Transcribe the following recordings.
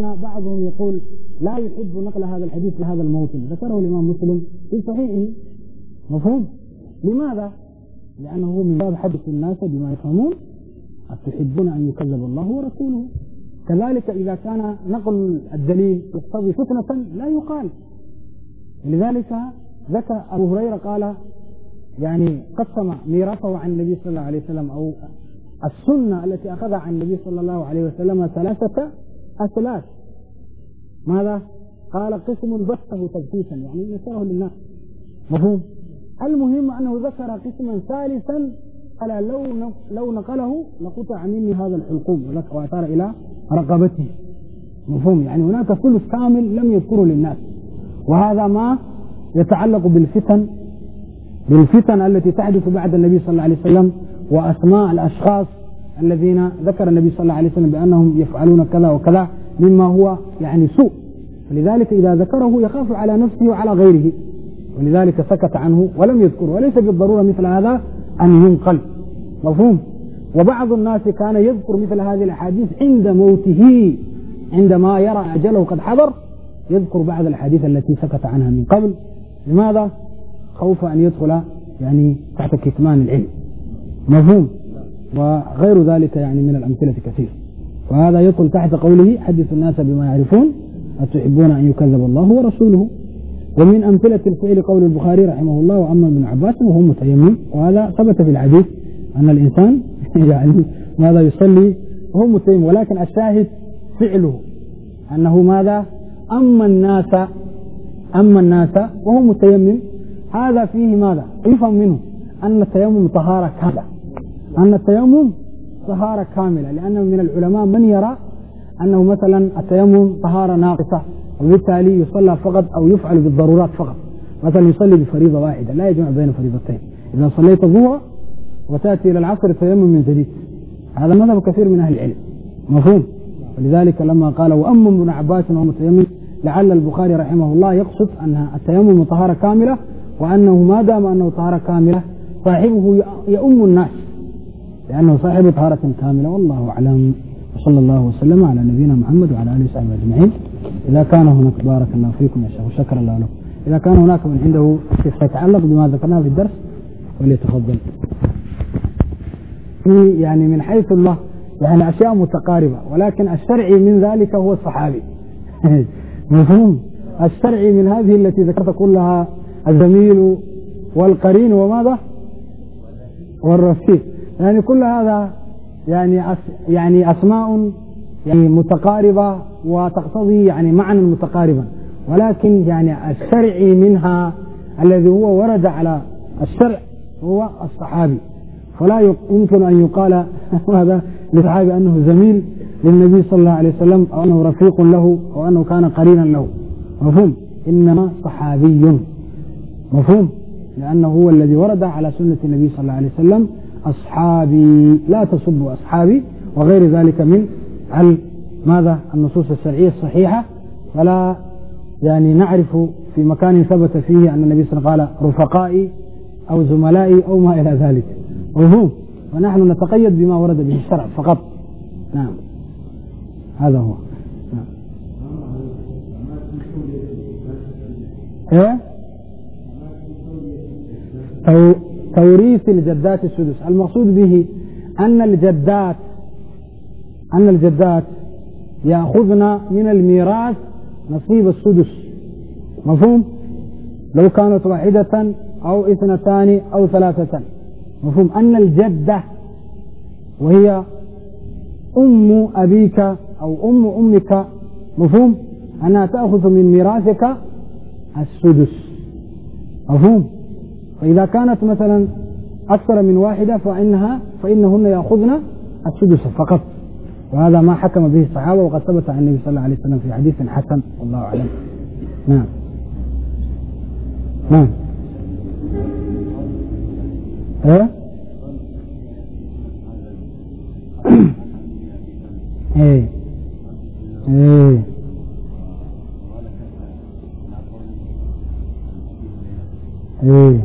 هنا بعضهم يقول لا يحب نقل هذا الحديث لهذا الموطن ذكره الإمام مسلم في صحيحه مفهوم لماذا؟ لأنه من باب حدث الناس بما يفهمون أتحبون أن يكذب الله ورسوله كذلك إذا كان نقل الدليل يقتضي فتنة لا يقال لذلك ذكر أبو هريرة قال يعني قسم ميراثه عن النبي صلى الله عليه وسلم أو السنة التي أخذها عن النبي صلى الله عليه وسلم ثلاثة الثلاث ماذا؟ قال قسم بثه تجسيسا يعني يسره للناس مفهوم؟ المهم أنه ذكر قسما ثالثا قال لو لو نقله لقطع مني هذا الحلقوم وأثار إلى رقبته مفهوم يعني هناك كل كامل لم يذكره للناس وهذا ما يتعلق بالفتن بالفتن التي تحدث بعد النبي صلى الله عليه وسلم وأسماء الأشخاص الذين ذكر النبي صلى الله عليه وسلم بأنهم يفعلون كذا وكذا مما هو يعني سوء فلذلك إذا ذكره يخاف على نفسه وعلى غيره ولذلك سكت عنه ولم يذكره وليس بالضرورة مثل هذا أن ينقل مفهوم وبعض الناس كان يذكر مثل هذه الأحاديث عند موته عندما يرى أجله قد حضر يذكر بعض الأحاديث التي سكت عنها من قبل لماذا؟ خوف أن يدخل يعني تحت كتمان العلم مفهوم وغير ذلك يعني من الأمثلة كثير وهذا يدخل تحت قوله حدث الناس بما يعرفون أتحبون أن يكذب الله ورسوله ومن أمثلة الفعل قول البخاري رحمه الله واما بن عباس وهو متيمم وهذا ثبت في الحديث أن الإنسان يعني ماذا يصلي وهو متيمم ولكن الشاهد فعله أنه ماذا أما الناس أما الناس وهو متيمم هذا فيه ماذا يفهم منه أن التيمم طهارة كاملة أن التيمم طهارة كاملة لأنه من العلماء من يرى أنه مثلا التيمم طهارة ناقصة وبالتالي يصلى فقط أو يفعل بالضرورات فقط مثلا يصلي بفريضة واحدة لا يجمع بين فريضتين إذا صليت الظهر وتأتي إلى العصر التيمم من جديد هذا مذهب كثير من أهل العلم مفهوم ولذلك لما قال وأما ابن عباس وهو متيمم لعل البخاري رحمه الله يقصد أن التيمم طهارة كاملة وأنه ما دام أنه طهارة كاملة صاحبه يؤم الناس لأنه صاحب طهارة كاملة والله أعلم وصلى الله وسلم على نبينا محمد وعلى آله وصحبه أجمعين إذا كان هناك بارك الله فيكم يا شيخ وشكر الله لكم إذا كان هناك من عنده يتعلق بما ذكرناه في الدرس وليتفضل في يعني من حيث الله يعني أشياء متقاربة ولكن الشرعي من ذلك هو الصحابي مفهوم الشرعي من هذه التي ذكرت كلها الزميل والقرين وماذا والرفيق يعني كل هذا يعني يعني أسماء يعني متقاربة وتقتضي يعني معنى متقاربا ولكن يعني الشرعي منها الذي هو ورد على الشرع هو الصحابي فلا يمكن أن يقال هذا للصحابي أنه زميل للنبي صلى الله عليه وسلم أو أنه رفيق له أو أنه كان قرينا له مفهوم إنما صحابي مفهوم لأنه هو الذي ورد على سنة النبي صلى الله عليه وسلم أصحابي لا تصبوا أصحابي وغير ذلك من ماذا النصوص الشرعية الصحيحة فلا يعني نعرف في مكان ثبت فيه أن النبي صلى الله عليه وسلم قال رفقائي أو زملائي أو ما إلى ذلك وهم ونحن نتقيد بما ورد به الشرع فقط نعم هذا هو نعم. ايه أو توريث الجدات السدس المقصود به أن الجدات أن الجدات يأخذن من الميراث نصيب السدس مفهوم لو كانت واحدة أو اثنتان أو ثلاثة مفهوم أن الجدة وهي أم أبيك أو أم أمك مفهوم أنها تأخذ من ميراثك السدس مفهوم فإذا كانت مثلا أكثر من واحدة فإنها فإنهن يأخذن السدس فقط وهذا ما حكم به الصحابة وقد ثبت عن النبي صلى الله عليه وسلم في حديث حسن والله أعلم نعم نعم ايه ايه ايه ايه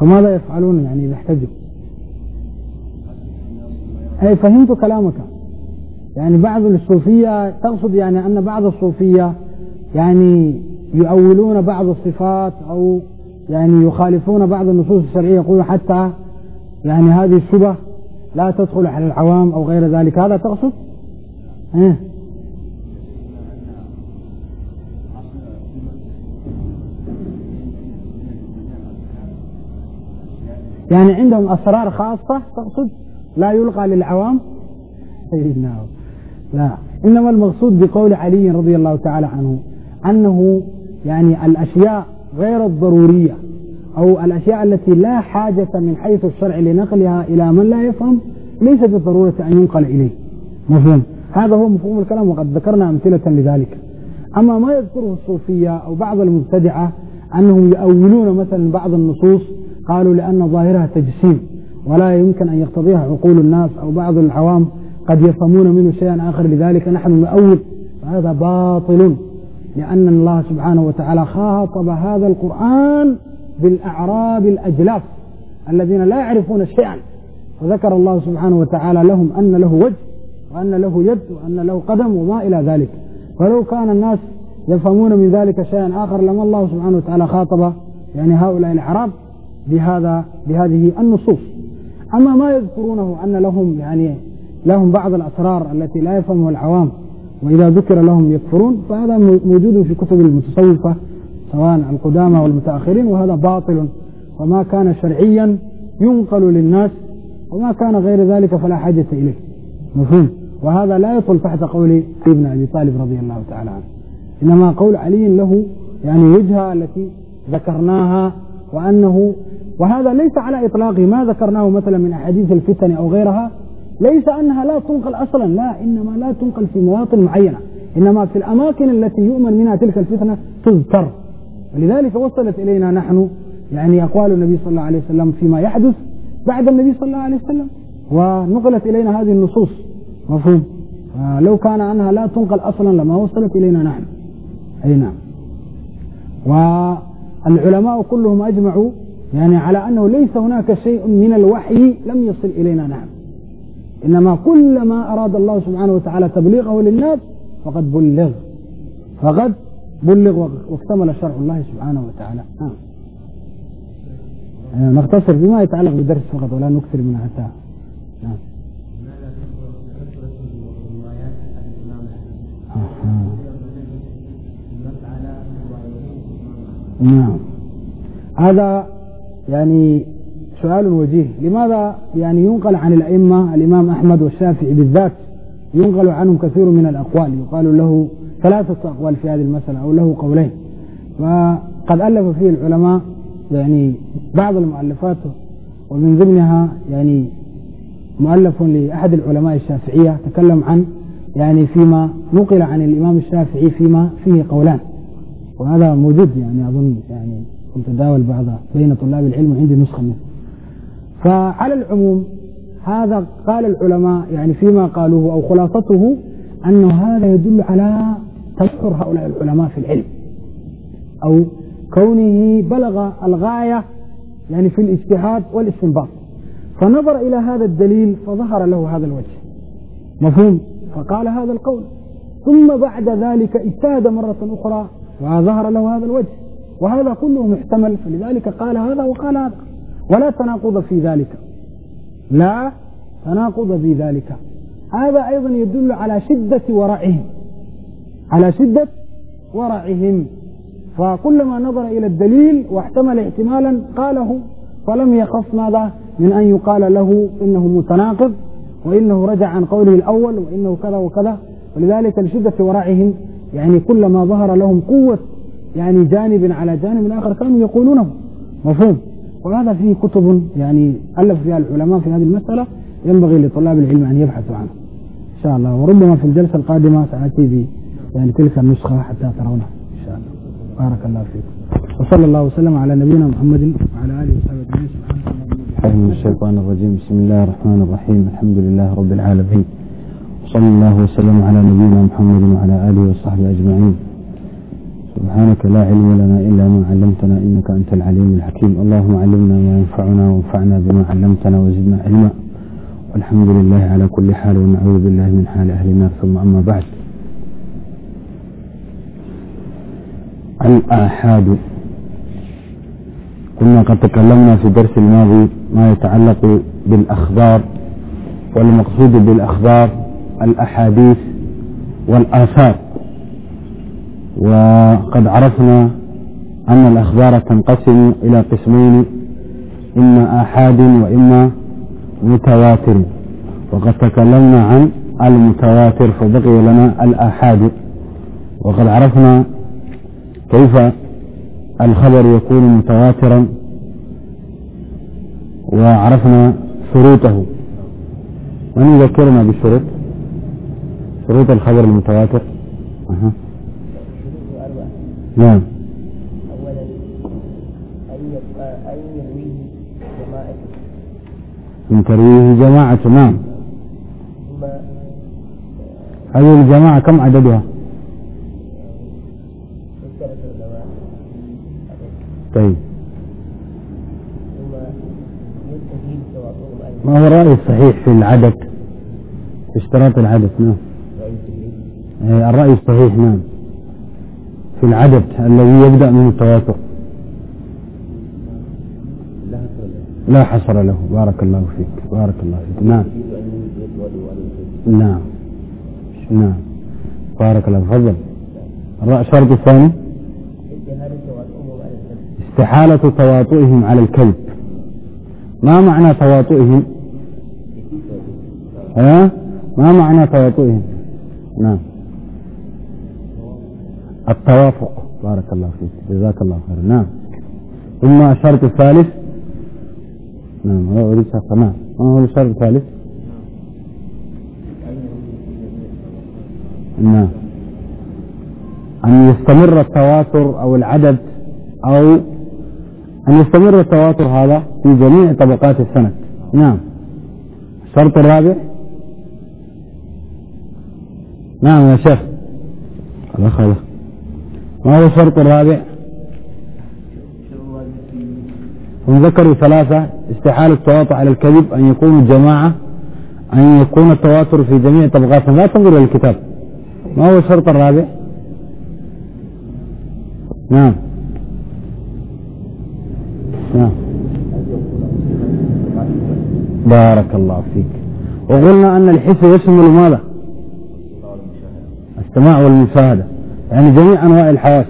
فماذا يفعلون يعني إذا احتجوا أي فهمت كلامك يعني بعض الصوفية تقصد يعني أن بعض الصوفية يعني يؤولون بعض الصفات أو يعني يخالفون بعض النصوص الشرعية يقولون حتى يعني هذه الشبه لا تدخل على العوام أو غير ذلك هذا تقصد؟ إيه يعني عندهم أسرار خاصة تقصد لا يلقى للعوام سيدناه نعم. لا إنما المقصود بقول علي رضي الله تعالى عنه أنه يعني الأشياء غير الضرورية أو الأشياء التي لا حاجة من حيث الشرع لنقلها إلى من لا يفهم ليس بالضرورة أن ينقل إليه مفهوم هذا هو مفهوم الكلام وقد ذكرنا أمثلة لذلك أما ما يذكره الصوفية أو بعض المبتدعة أنهم يؤولون مثلا بعض النصوص قالوا لأن ظاهرها تجسيم ولا يمكن أن يقتضيها عقول الناس أو بعض العوام قد يفهمون منه شيئا آخر لذلك نحن نؤول فهذا باطل لأن الله سبحانه وتعالى خاطب هذا القرآن بالأعراب الأجلاف الذين لا يعرفون شيئا فذكر الله سبحانه وتعالى لهم أن له وجه وأن له يد وأن له قدم وما إلى ذلك فلو كان الناس يفهمون من ذلك شيئا آخر لما الله سبحانه وتعالى خاطب يعني هؤلاء الأعراب بهذا بهذه النصوص أما ما يذكرونه أن لهم يعني لهم بعض الأسرار التي لا يفهمها العوام وإذا ذكر لهم يكفرون فهذا موجود في كتب المتصوفة سواء القدامى والمتأخرين وهذا باطل وما كان شرعيا ينقل للناس وما كان غير ذلك فلا حاجة إليه مفهوم وهذا لا يدخل تحت قول ابن أبي طالب رضي الله تعالى عنه إنما قول علي له يعني وجهة التي ذكرناها وأنه وهذا ليس على إطلاقه ما ذكرناه مثلا من أحاديث الفتن أو غيرها ليس أنها لا تنقل أصلا لا إنما لا تنقل في مواطن معينة إنما في الأماكن التي يؤمن منها تلك الفتنة تذكر ولذلك وصلت إلينا نحن يعني أقوال النبي صلى الله عليه وسلم فيما يحدث بعد النبي صلى الله عليه وسلم ونقلت إلينا هذه النصوص مفهوم آه، لو كان أنها لا تنقل أصلا لما وصلت إلينا نحن أي نعم والعلماء كلهم أجمعوا يعني على أنه ليس هناك شيء من الوحي لم يصل إلينا نعم إنما كل ما أراد الله سبحانه وتعالى تبليغه للناس فقد بلغ فقد بلغ واكتمل شرع الله سبحانه وتعالى نعم. آه. آه بما يتعلق بالدرس فقط ولا نكثر من حتى آه. نعم. نعم هذا يعني سؤال وجيه لماذا يعني ينقل عن الأئمة الإمام أحمد والشافعي بالذات ينقل عنهم كثير من الأقوال يقال له ثلاثة أقوال في هذه المسألة أو له قولين فقد ألف فيه العلماء يعني بعض المؤلفات ومن ضمنها يعني مؤلف لأحد العلماء الشافعية تكلم عن يعني فيما نقل عن الإمام الشافعي فيما فيه قولان وهذا موجود يعني أظن يعني تداول بعضها بين طلاب العلم وعندي نسخة منه فعلى العموم هذا قال العلماء يعني فيما قالوه أو خلاصته أنه هذا يدل على تبحر هؤلاء العلماء في العلم أو كونه بلغ الغاية يعني في الاجتهاد والاستنباط فنظر إلى هذا الدليل فظهر له هذا الوجه مفهوم فقال هذا القول ثم بعد ذلك اجتهد مرة أخرى وظهر له هذا الوجه وهذا كله محتمل فلذلك قال هذا وقال هذا ولا تناقض في ذلك لا تناقض في ذلك هذا أيضا يدل على شدة ورعهم على شدة ورعهم فكلما نظر إلى الدليل واحتمل احتمالا قاله فلم يخف ماذا من أن يقال له إنه متناقض وإنه رجع عن قوله الأول وإنه كذا وكذا ولذلك لشدة ورعهم يعني كلما ظهر لهم قوة يعني جانب على جانب آخر كانوا يقولونه مفهوم وهذا فيه كتب يعني ألف فيها العلماء في هذه المسألة ينبغي لطلاب العلم أن يبحثوا عنه إن شاء الله وربما في الجلسة القادمة سأتي ب يعني تلك النسخة حتى ترونها إن شاء الله بارك الله فيكم وصلى الله وسلم على نبينا محمد وعلى آله وصحبه أجمعين سبحانه الله من الشيطان الرجيم بسم الله الرحمن الرحيم الحمد لله رب العالمين وصلى الله وسلم على نبينا محمد وعلى آله وصحبه أجمعين سبحانك لا علم لنا إلا ما علمتنا إنك أنت العليم الحكيم اللهم علمنا ما ينفعنا وانفعنا بما علمتنا وزدنا علما والحمد لله على كل حال ونعوذ بالله من حال أهل النار ثم أما بعد الآحاد كنا قد تكلمنا في الدرس الماضي ما يتعلق بالأخبار والمقصود بالأخبار الأحاديث والآثار وقد عرفنا أن الأخبار تنقسم إلى قسمين إما آحاد وإما متواتر وقد تكلمنا عن المتواتر فبقي لنا الآحاد وقد عرفنا كيف الخبر يكون متواترا وعرفنا شروطه من يذكرنا بالشروط شروط الخبر المتواتر أه. نعم أولا أن يرويه جماعة أن ترويه جماعة نعم ثم آه، هذه الجماعة كم عددها؟ طيب ما هو الرأي الصحيح في العدد في اشتراط العدد نعم آه، الرأي الصحيح نعم في العدد الذي يبدأ من التواتر لا حصر له بارك الله فيك بارك الله فيك نعم نعم نعم بارك الله تفضل الشرط الثاني استحالة تواطؤهم على الكذب ما معنى تواطؤهم ها ما معنى تواطؤهم نعم التوافق بارك الله فيك جزاك الله خير نعم ثم الشرط الثالث نعم هو اريد شرط نعم هو الشرط الثالث نعم أن يستمر التواتر أو العدد أو أن يستمر التواتر هذا في جميع طبقات السند نعم الشرط الرابع نعم يا شيخ الله خلاص وهذا الشرط الرابع هم ذكروا ثلاثة استحالة التواطؤ على الكذب أن يكون جماعة أن يكون التواتر في جميع طبقاتهم لا تنظر إلى الكتاب ما هو الشرط الرابع نعم نعم بارك الله فيك وقلنا أن الحس يشمل ماذا السماع والمشاهدة يعني جميع أنواع الحواس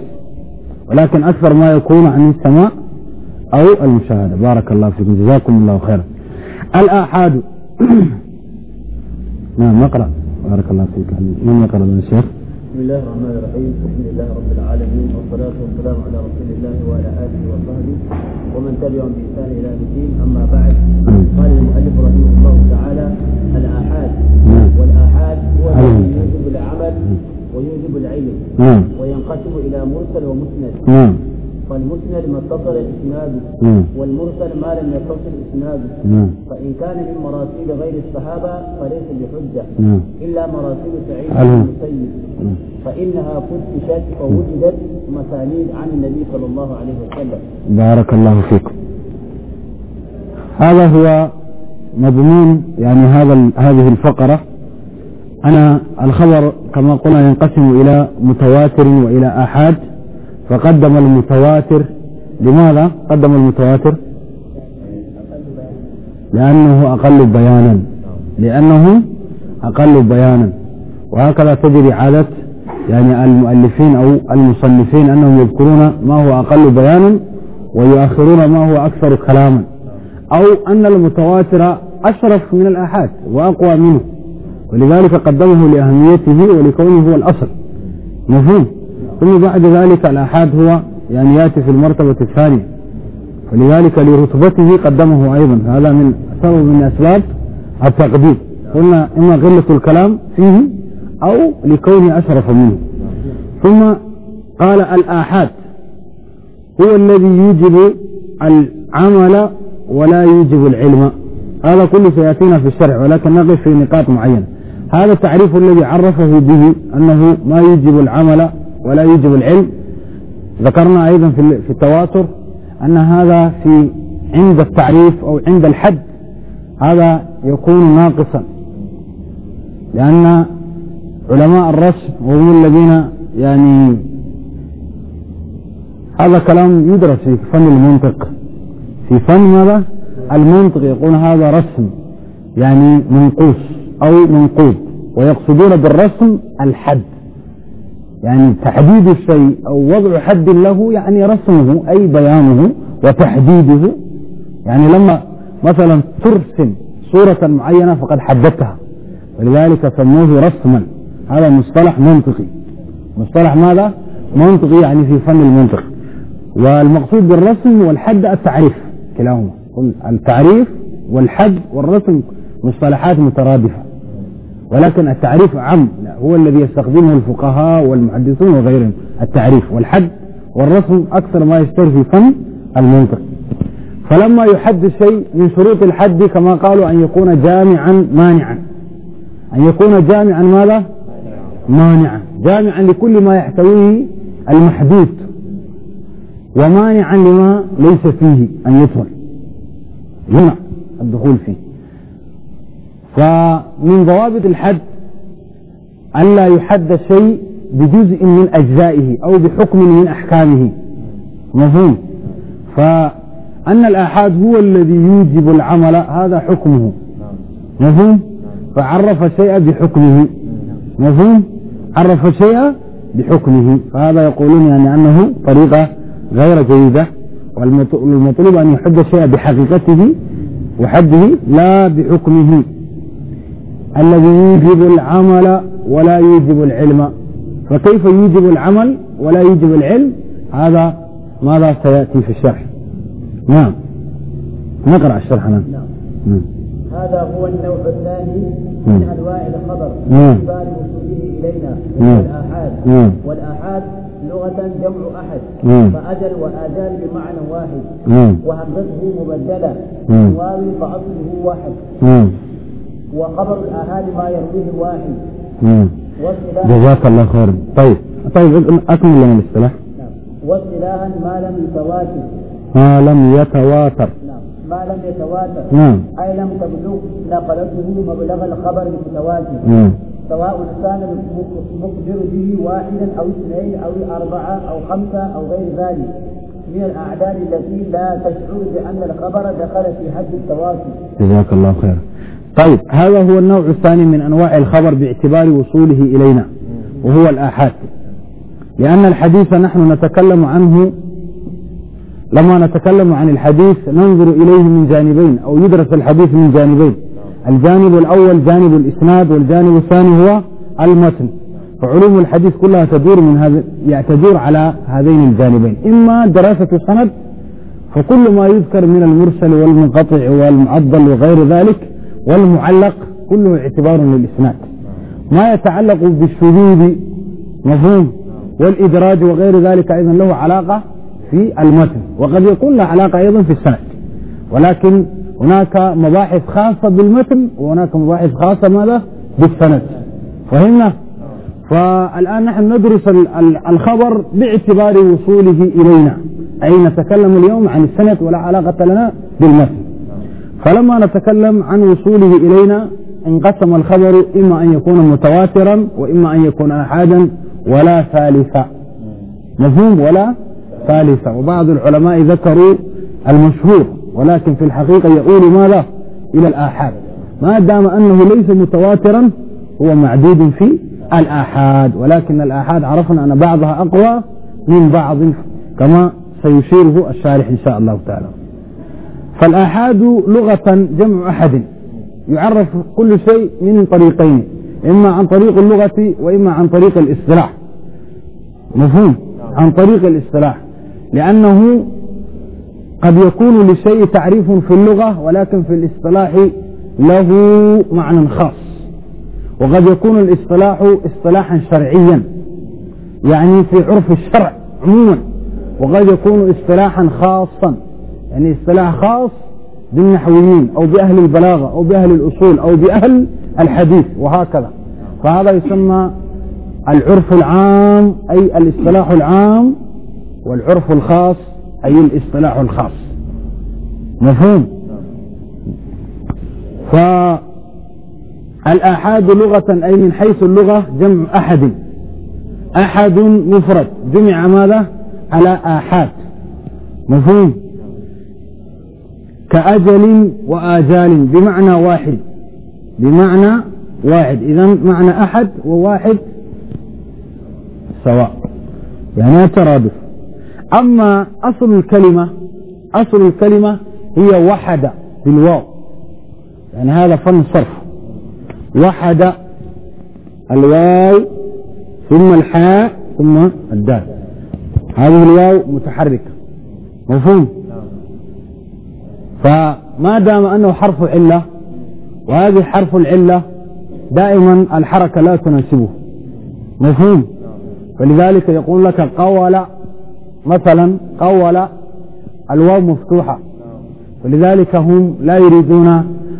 ولكن أكثر ما يكون عن السماء أو المشاهدة بارك الله فيكم جزاكم الله خيرا الآحاد نعم نقرأ بارك الله فيك من يقرأ من الشيخ بسم الله الرحمن الرحيم الحمد لله رب العالمين والصلاة والسلام على رسول الله وعلى آله وصحبه ومن تبعهم بإحسان إلى الدين أما بعد قال المؤلف رحمه الله تعالى الآحاد والآحاد هو الذي يوجب العمل ويوجب العلم وينقسم إلى مرسل ومسند فالمسند ما اتصل اسناده والمرسل ما لم يتصل اسناده فان كان من مراسيل غير الصحابه فليس بحجه الا مراسيل سعيد بن المسيب فانها فتشت ووجدت مسانيد عن النبي صلى الله عليه وسلم. بارك الله فيكم. هذا هو مضمون يعني هذا هذه الفقره أنا الخبر كما قلنا ينقسم إلى متواتر وإلى آحاد فقدم المتواتر لماذا قدم المتواتر لأنه أقل بيانا لأنه أقل بيانا وهكذا تجري عادة يعني المؤلفين أو المصنفين أنهم يذكرون ما هو أقل بيانا ويؤخرون ما هو أكثر كلاما أو أن المتواتر أشرف من الآحاد وأقوى منه ولذلك قدمه لأهميته ولكونه هو الأصل مفهوم ثم بعد ذلك الأحاد هو يعني يأتي في المرتبة الثانية ولذلك لرتبته قدمه أيضا هذا من سبب من أسباب التقديم قلنا إما غلة الكلام فيه أو لكونه أشرف منه ثم قال الآحاد هو الذي يوجب العمل ولا يوجب العلم هذا كله سيأتينا في الشرع ولكن نقف في نقاط معينة هذا التعريف الذي عرفه به أنه ما يوجب العمل ولا يوجب العلم ذكرنا أيضا في التواتر أن هذا في عند التعريف أو عند الحد هذا يكون ناقصا لأن علماء الرسم وهم الذين يعني هذا كلام يدرس في فن المنطق في فن ماذا المنطق يقول هذا رسم يعني منقوص أو منقوب ويقصدون بالرسم الحد يعني تحديد الشيء أو وضع حد له يعني رسمه أي بيانه وتحديده يعني لما مثلا ترسم صورة معينة فقد حددتها ولذلك سموه رسما هذا مصطلح منطقي مصطلح ماذا؟ منطقي يعني في فن المنطق والمقصود بالرسم والحد التعريف كلاهما التعريف والحد والرسم مصطلحات مترادفة ولكن التعريف عام هو الذي يستخدمه الفقهاء والمحدثون وغيرهم التعريف والحد والرسم أكثر ما يشتهر في فن المنطق فلما يحد الشيء من شروط الحد كما قالوا أن يكون جامعا مانعا أن يكون جامعا ماذا مانعا جامعا لكل ما يحتويه المحدود ومانعا لما ليس فيه أن يدخل هنا الدخول فيه ومن ضوابط الحد ألا يحد الشيء بجزء من أجزائه أو بحكم من أحكامه مفهوم فأن الآحاد هو الذي يوجب العمل هذا حكمه مفهوم فعرف شيئا بحكمه مفهوم عرف شيئا بحكمه فهذا يقولون يعني أنه طريقة غير جيدة والمطلوب أن يحد الشيء بحقيقته وحده لا بحكمه الذي يوجب العمل ولا يوجب العلم فكيف يوجب العمل ولا يوجب العلم هذا ماذا سيأتي في الشرح نعم نقرأ الشرح نعم, نعم. نعم. هذا هو النوع الثاني من نعم. أنواع الخبر باعتبار وصوله إلينا والآحاد والآحاد لغة جمع أحد فأجل وآجال بمعنى واحد وحقته مبدلة واو فأصله واحد وخبر الاهالي ما يرضيه الواحد جزاك الله خيرا طيب طيب أكمل لنا الاصطلاح نعم واصطلاحا ما لم يتواتر ما لم يتواتر نعم ما لم يتواتر نعم أي لم تبلغ نقلته مبلغ الخبر المتواتر نعم سواء كان المخبر به واحدا أو اثنين أو أربعة أو خمسة أو غير ذلك من الأعداد التي لا تشعر بأن الخبر دخل في حد التواتر جزاك الله خيرا طيب هذا هو النوع الثاني من أنواع الخبر باعتبار وصوله إلينا وهو الآحاد لأن الحديث نحن نتكلم عنه لما نتكلم عن الحديث ننظر إليه من جانبين أو يدرس الحديث من جانبين الجانب الأول جانب الإسناد والجانب الثاني هو المتن فعلوم الحديث كلها تدور من هذا يعني تدور على هذين الجانبين إما دراسة السند فكل ما يذكر من المرسل والمنقطع والمعضل وغير ذلك والمعلق كله اعتبار للإسناد ما يتعلق بالشذوذ مفهوم والإدراج وغير ذلك أيضا له علاقة في المتن وقد يكون له علاقة أيضا في السند ولكن هناك مباحث خاصة بالمتن وهناك مباحث خاصة ماذا بالسند فهمنا فالآن نحن ندرس الخبر باعتبار وصوله إلينا أي نتكلم اليوم عن السند ولا علاقة لنا بالمتن فلما نتكلم عن وصوله إلينا انقسم الخبر إما أن يكون متواترا وإما أن يكون أحادا ولا ثالثا مفهوم ولا ثالثا وبعض العلماء ذكروا المشهور ولكن في الحقيقة يقول ماذا إلى الآحاد ما دام أنه ليس متواترا هو معدود في الآحاد ولكن الآحاد عرفنا أن بعضها أقوى من بعض كما سيشيره الشارح إن شاء الله تعالى فالآحاد لغة جمع أحد يعرف كل شيء من طريقين إما عن طريق اللغة وإما عن طريق الاصطلاح مفهوم عن طريق الاصطلاح لأنه قد يكون للشيء تعريف في اللغة ولكن في الاصطلاح له معنى خاص وقد يكون الاصطلاح اصطلاحا شرعيا يعني في عرف الشرع عموما وقد يكون اصطلاحا خاصا يعني اصطلاح خاص بالنحويين أو بأهل البلاغة أو بأهل الأصول أو بأهل الحديث وهكذا فهذا يسمى العرف العام أي الاصطلاح العام والعرف الخاص أي الاصطلاح الخاص مفهوم فالآحاد لغة أي من حيث اللغة جمع أحد أحد مفرد جمع ماذا على آحاد مفهوم كأجل وآجال بمعنى واحد بمعنى واحد إذا معنى أحد وواحد سواء يعني ترادف أما أصل الكلمة أصل الكلمة هي وحد بالواو يعني هذا فن صرف وحد الواو ثم الحاء ثم الدال هذه الواو متحركة مفهوم فما دام أنه حرف علة وهذه حرف العلة دائما الحركة لا تناسبه مفهوم فلذلك يقول لك قول مثلا قول الواو مفتوحة فلذلك هم لا يريدون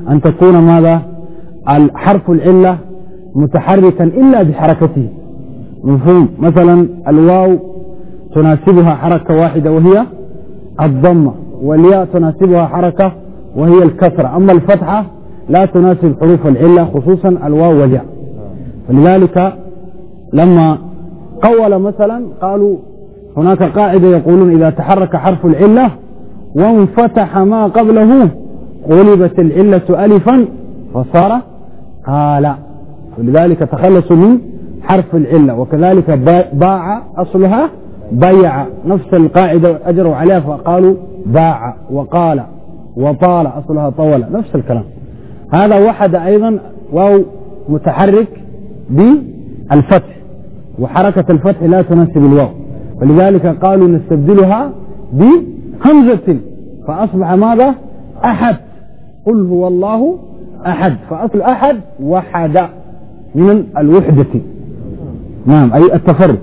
أن تكون ماذا الحرف العلة متحركا إلا بحركته مفهوم مثلا الواو تناسبها حركة واحدة وهي الضمة والياء تناسبها حركة وهي الكسرة أما الفتحة لا تناسب حروف العلة خصوصا الواو والياء فلذلك لما قول مثلا قالوا هناك قاعدة يقولون إذا تحرك حرف العلة وانفتح ما قبله قلبت العلة ألفا فصار قال ولذلك تخلصوا من حرف العلة وكذلك باع أصلها بيع نفس القاعدة أجروا عليها فقالوا باع وقال وطال أصلها طول نفس الكلام هذا وحد أيضا واو متحرك بالفتح وحركة الفتح لا تناسب الواو ولذلك قالوا نستبدلها بهمزة فأصبح ماذا أحد قل هو الله أحد فأصل أحد وحد من الوحدة نعم أي التفرد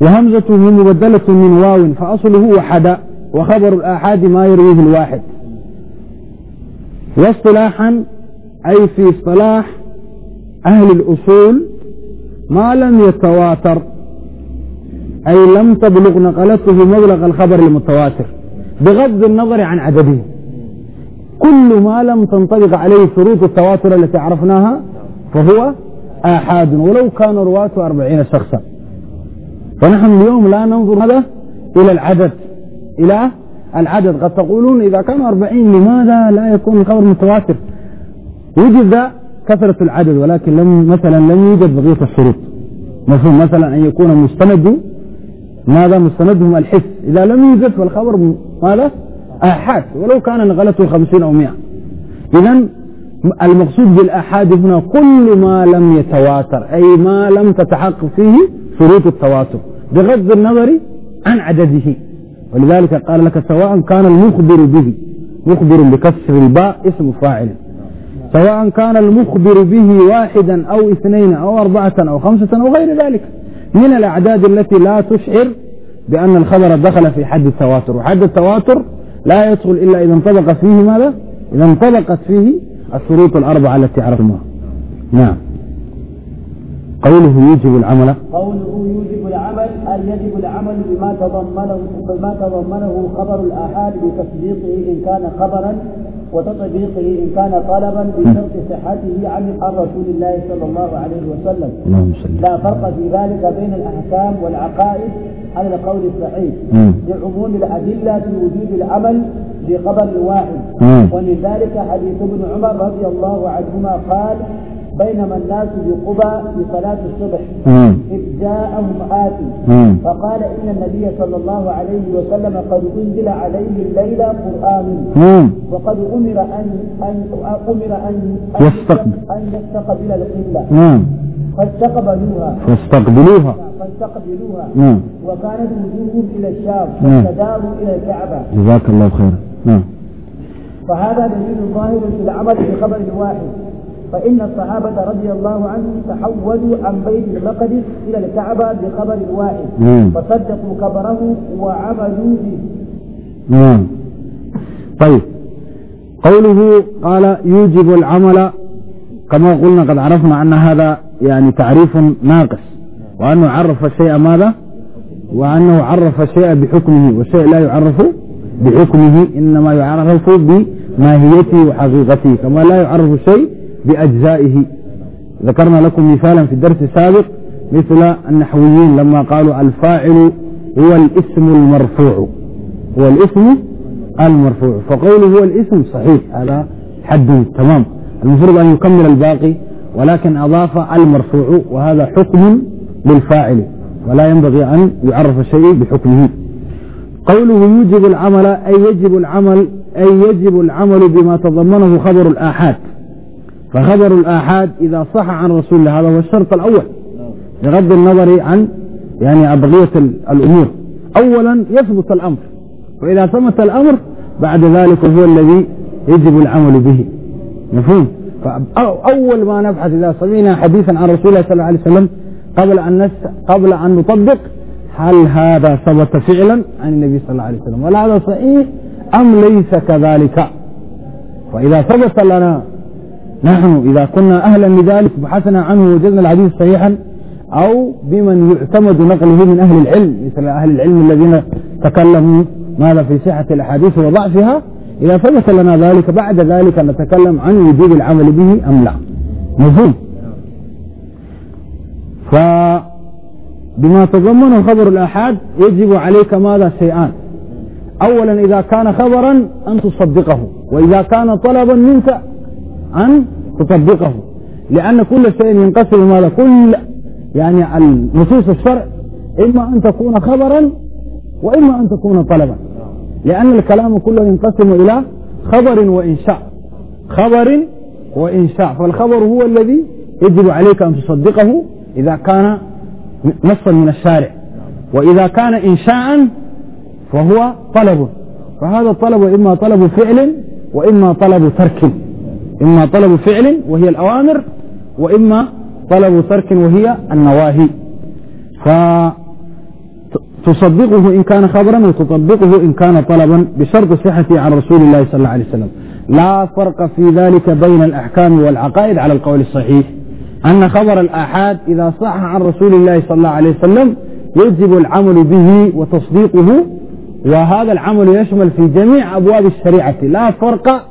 وهمزته مبدلة من واو فأصله وحدا وخبر الآحاد ما يرويه الواحد واصطلاحا أي في اصطلاح أهل الأصول ما لم يتواتر أي لم تبلغ نقلته مبلغ الخبر المتواتر بغض النظر عن عدده كل ما لم تنطبق عليه شروط التواتر التي عرفناها فهو آحاد ولو كان رواته أربعين شخصا فنحن اليوم لا ننظر هذا إلى العدد إلى العدد قد تقولون إذا كان أربعين لماذا لا يكون الخبر متواتر وجد كثرة العدد ولكن لم مثلا لم يوجد بقية الشروط مفهوم مثلا أن يكون مستند ماذا مستندهم الحس إذا لم يوجد فالخبر ماذا آحاد ولو كان نقلته خمسين أو مئة إذا المقصود بالآحاد هنا كل ما لم يتواتر أي ما لم تتحقق فيه شروط التواتر بغض النظر عن عدده ولذلك قال لك سواء كان المخبر به مخبر بكسر الباء اسم فاعل سواء كان المخبر به واحدا أو اثنين أو أربعة أو خمسة أو غير ذلك من الأعداد التي لا تشعر بأن الخبر دخل في حد التواتر وحد التواتر لا يدخل إلا إذا انطبق فيه ماذا إذا انطبقت فيه الشروط الأربعة التي عرفناها نعم قوله يوجب العمل قوله يوجب العمل أي يجب العمل بما تضمنه بما تضمنه خبر الآحاد بتصديقه إن كان خبرا وتطبيقه إن كان طلبا بشرط صحته عن رسول الله صلى الله عليه وسلم لا فرق في ذلك بين الأحكام والعقائد على القول الصحيح لعموم الأدلة في وجوب العمل بخبر واحد ومن ذلك حديث ابن عمر رضي الله عنهما قال بينما الناس بقبى في صلاة الصبح إذ جاءهم آتي فقال إن النبي صلى الله عليه وسلم قد أنزل عليه الليلة قرآن وقد أمر أن أن أمر أن أن يستقبل القبلة فاستقبلوها فاستقبلوها فاستقبلوها وكانت وجوههم إلى الشام فاستداروا إلى الكعبة جزاك الله خيرا فهذا دليل ظاهر في العمل بخبر واحد فإن الصحابة رضي الله عنهم تحولوا عن بيت المقدس إلى الكعبة بخبر واحد فصدقوا خبره وعملوا به نعم طيب قوله قال يوجب العمل كما قلنا قد عرفنا أن هذا يعني تعريف ناقص وأنه عرف الشيء ماذا وأنه عرف الشيء بحكمه والشيء لا يعرف بحكمه إنما يعرف بماهيته وحقيقته كما لا يعرف الشيء بأجزائه ذكرنا لكم مثالا في الدرس السابق مثل النحويين لما قالوا الفاعل هو الاسم المرفوع هو الاسم المرفوع فقوله هو الاسم صحيح هذا حد تمام المفروض أن يكمل الباقي ولكن أضاف المرفوع وهذا حكم للفاعل ولا ينبغي أن يعرف الشيء بحكمه قوله يوجب العمل أي يجب العمل أي يجب العمل بما تضمنه خبر الآحاد فخبر الآحاد إذا صح عن رسول الله هذا هو الشرط الأول بغض النظر عن يعني بقية الأمور أولا يثبت الأمر وإذا ثبت الأمر بعد ذلك هو الذي يجب العمل به مفهوم فأول ما نبحث إذا سمعنا حديثا عن رسول الله صلى الله عليه وسلم قبل أن نس قبل أن نطبق هل هذا ثبت فعلا عن النبي صلى الله عليه وسلم ولا هذا صحيح أم ليس كذلك فإذا ثبت لنا نحن إذا كنا أهلا لذلك بحثنا عنه وجدنا الحديث صحيحا أو بمن يعتمد نقله من أهل العلم مثل أهل العلم الذين تكلموا ماذا في صحة الأحاديث وضعفها إذا ثبت لنا ذلك بعد ذلك نتكلم عن وجوب العمل به أم لا مفهوم فبما تضمنه خبر الآحاد يجب عليك ماذا شيئان أولا إذا كان خبرا أن تصدقه وإذا كان طلبا منك أن تطبقه لأن كل شيء ينقسم ما كل يعني النصوص الشرع إما أن تكون خبرا وإما أن تكون طلبا لأن الكلام كله ينقسم إلى خبر وإنشاء خبر وإنشاء فالخبر هو الذي يجب عليك أن تصدقه إذا كان نصا من الشارع وإذا كان إنشاء فهو طلب فهذا الطلب إما طلب فعل وإما طلب ترك إما طلب فعل وهي الأوامر وإما طلب ترك وهي النواهي فتصدقه إن كان خبرا وتطبقه إن كان طلبا بشرط صحته عن رسول الله صلى الله عليه وسلم لا فرق في ذلك بين الأحكام والعقائد على القول الصحيح أن خبر الآحاد إذا صح عن رسول الله صلى الله عليه وسلم يجب العمل به وتصديقه وهذا العمل يشمل في جميع أبواب الشريعة لا فرق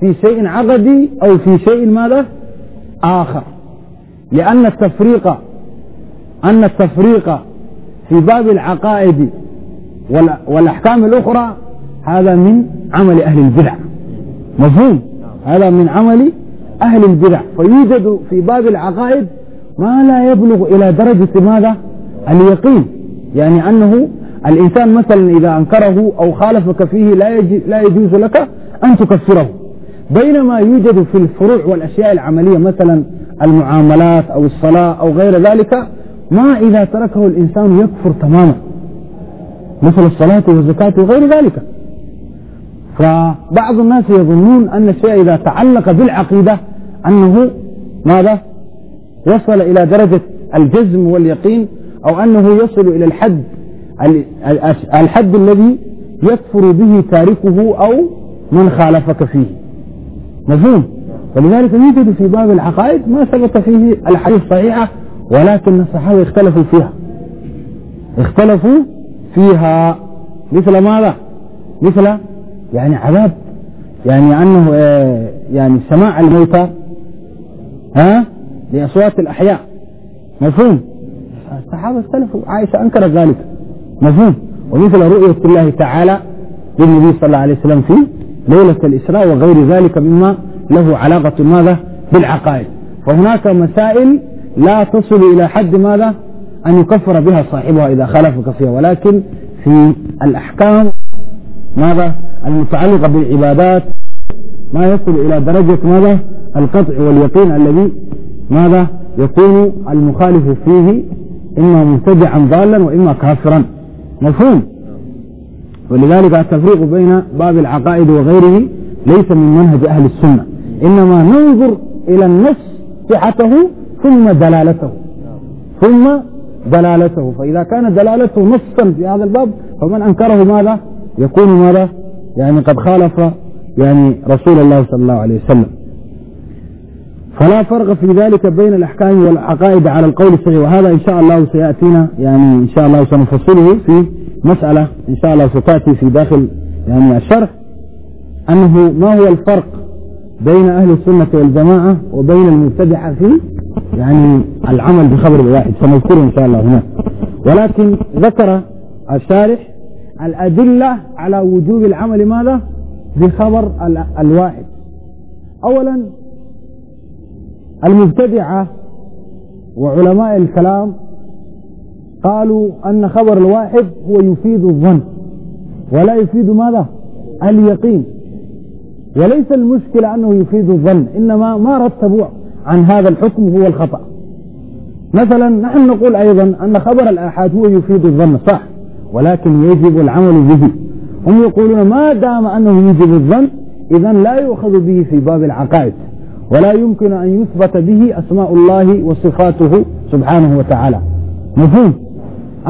في شيء عقدي أو في شيء ماذا آخر لأن التفريق أن التفريق في باب العقائد والأحكام الأخرى هذا من عمل أهل البدع مفهوم هذا من عمل أهل البدع فيوجد في باب العقائد ما لا يبلغ إلى درجة ماذا اليقين يعني أنه الإنسان مثلا إذا أنكره أو خالفك فيه لا, لا يجوز لك أن تكفره بينما يوجد في الفروع والأشياء العملية مثلا المعاملات أو الصلاة أو غير ذلك ما إذا تركه الإنسان يكفر تماما مثل الصلاة والزكاة وغير ذلك فبعض الناس يظنون أن الشيء إذا تعلق بالعقيدة أنه ماذا وصل إلى درجة الجزم واليقين أو أنه يصل إلى الحد الحد الذي يكفر به تاركه أو من خالفك فيه مفهوم ولذلك يوجد في باب العقائد ما ثبت فيه الحديث صحيحة ولكن الصحابة اختلفوا فيها اختلفوا فيها مثل ماذا مثل يعني عذاب يعني أنه آه، يعني سماع الموتى ها لأصوات الأحياء مفهوم الصحابة اختلفوا عائشة أنكرت ذلك مفهوم ومثل رؤية الله تعالى للنبي صلى الله عليه وسلم في ليلة الإسراء وغير ذلك مما له علاقة ماذا بالعقائد فهناك مسائل لا تصل إلى حد ماذا أن يكفر بها صاحبها إذا خالفك فيها ولكن في الأحكام ماذا المتعلقة بالعبادات ما يصل إلى درجة ماذا القطع واليقين الذي ماذا يكون المخالف فيه إما مبتدعا ضالا وإما كافرا مفهوم ولذلك التفريق بين باب العقائد وغيره ليس من منهج أهل السنة إنما ننظر إلى النص صحته ثم دلالته ثم دلالته فإذا كان دلالته نصا في هذا الباب فمن أنكره ماذا يكون ماذا يعني قد خالف يعني رسول الله صلى الله عليه وسلم فلا فرق في ذلك بين الأحكام والعقائد على القول الصحيح وهذا إن شاء الله سيأتينا يعني إن شاء الله سنفصله في مسألة إن شاء الله ستأتي في داخل يعني الشرح أنه ما هو الفرق بين أهل السنة والجماعة وبين المبتدعة في يعني العمل بخبر الواحد سنذكره إن شاء الله هناك ولكن ذكر الشارح الأدلة على وجوب العمل ماذا بخبر الواحد أولا المبتدعة وعلماء الكلام قالوا أن خبر الواحد هو يفيد الظن ولا يفيد ماذا اليقين وليس المشكلة أنه يفيد الظن إنما ما رتبوا عن هذا الحكم هو الخطأ مثلا نحن نقول أيضا أن خبر الآحاد هو يفيد الظن صح ولكن يجب العمل به هم يقولون ما دام أنه يجب الظن إذا لا يؤخذ به في باب العقائد ولا يمكن أن يثبت به أسماء الله وصفاته سبحانه وتعالى مفهوم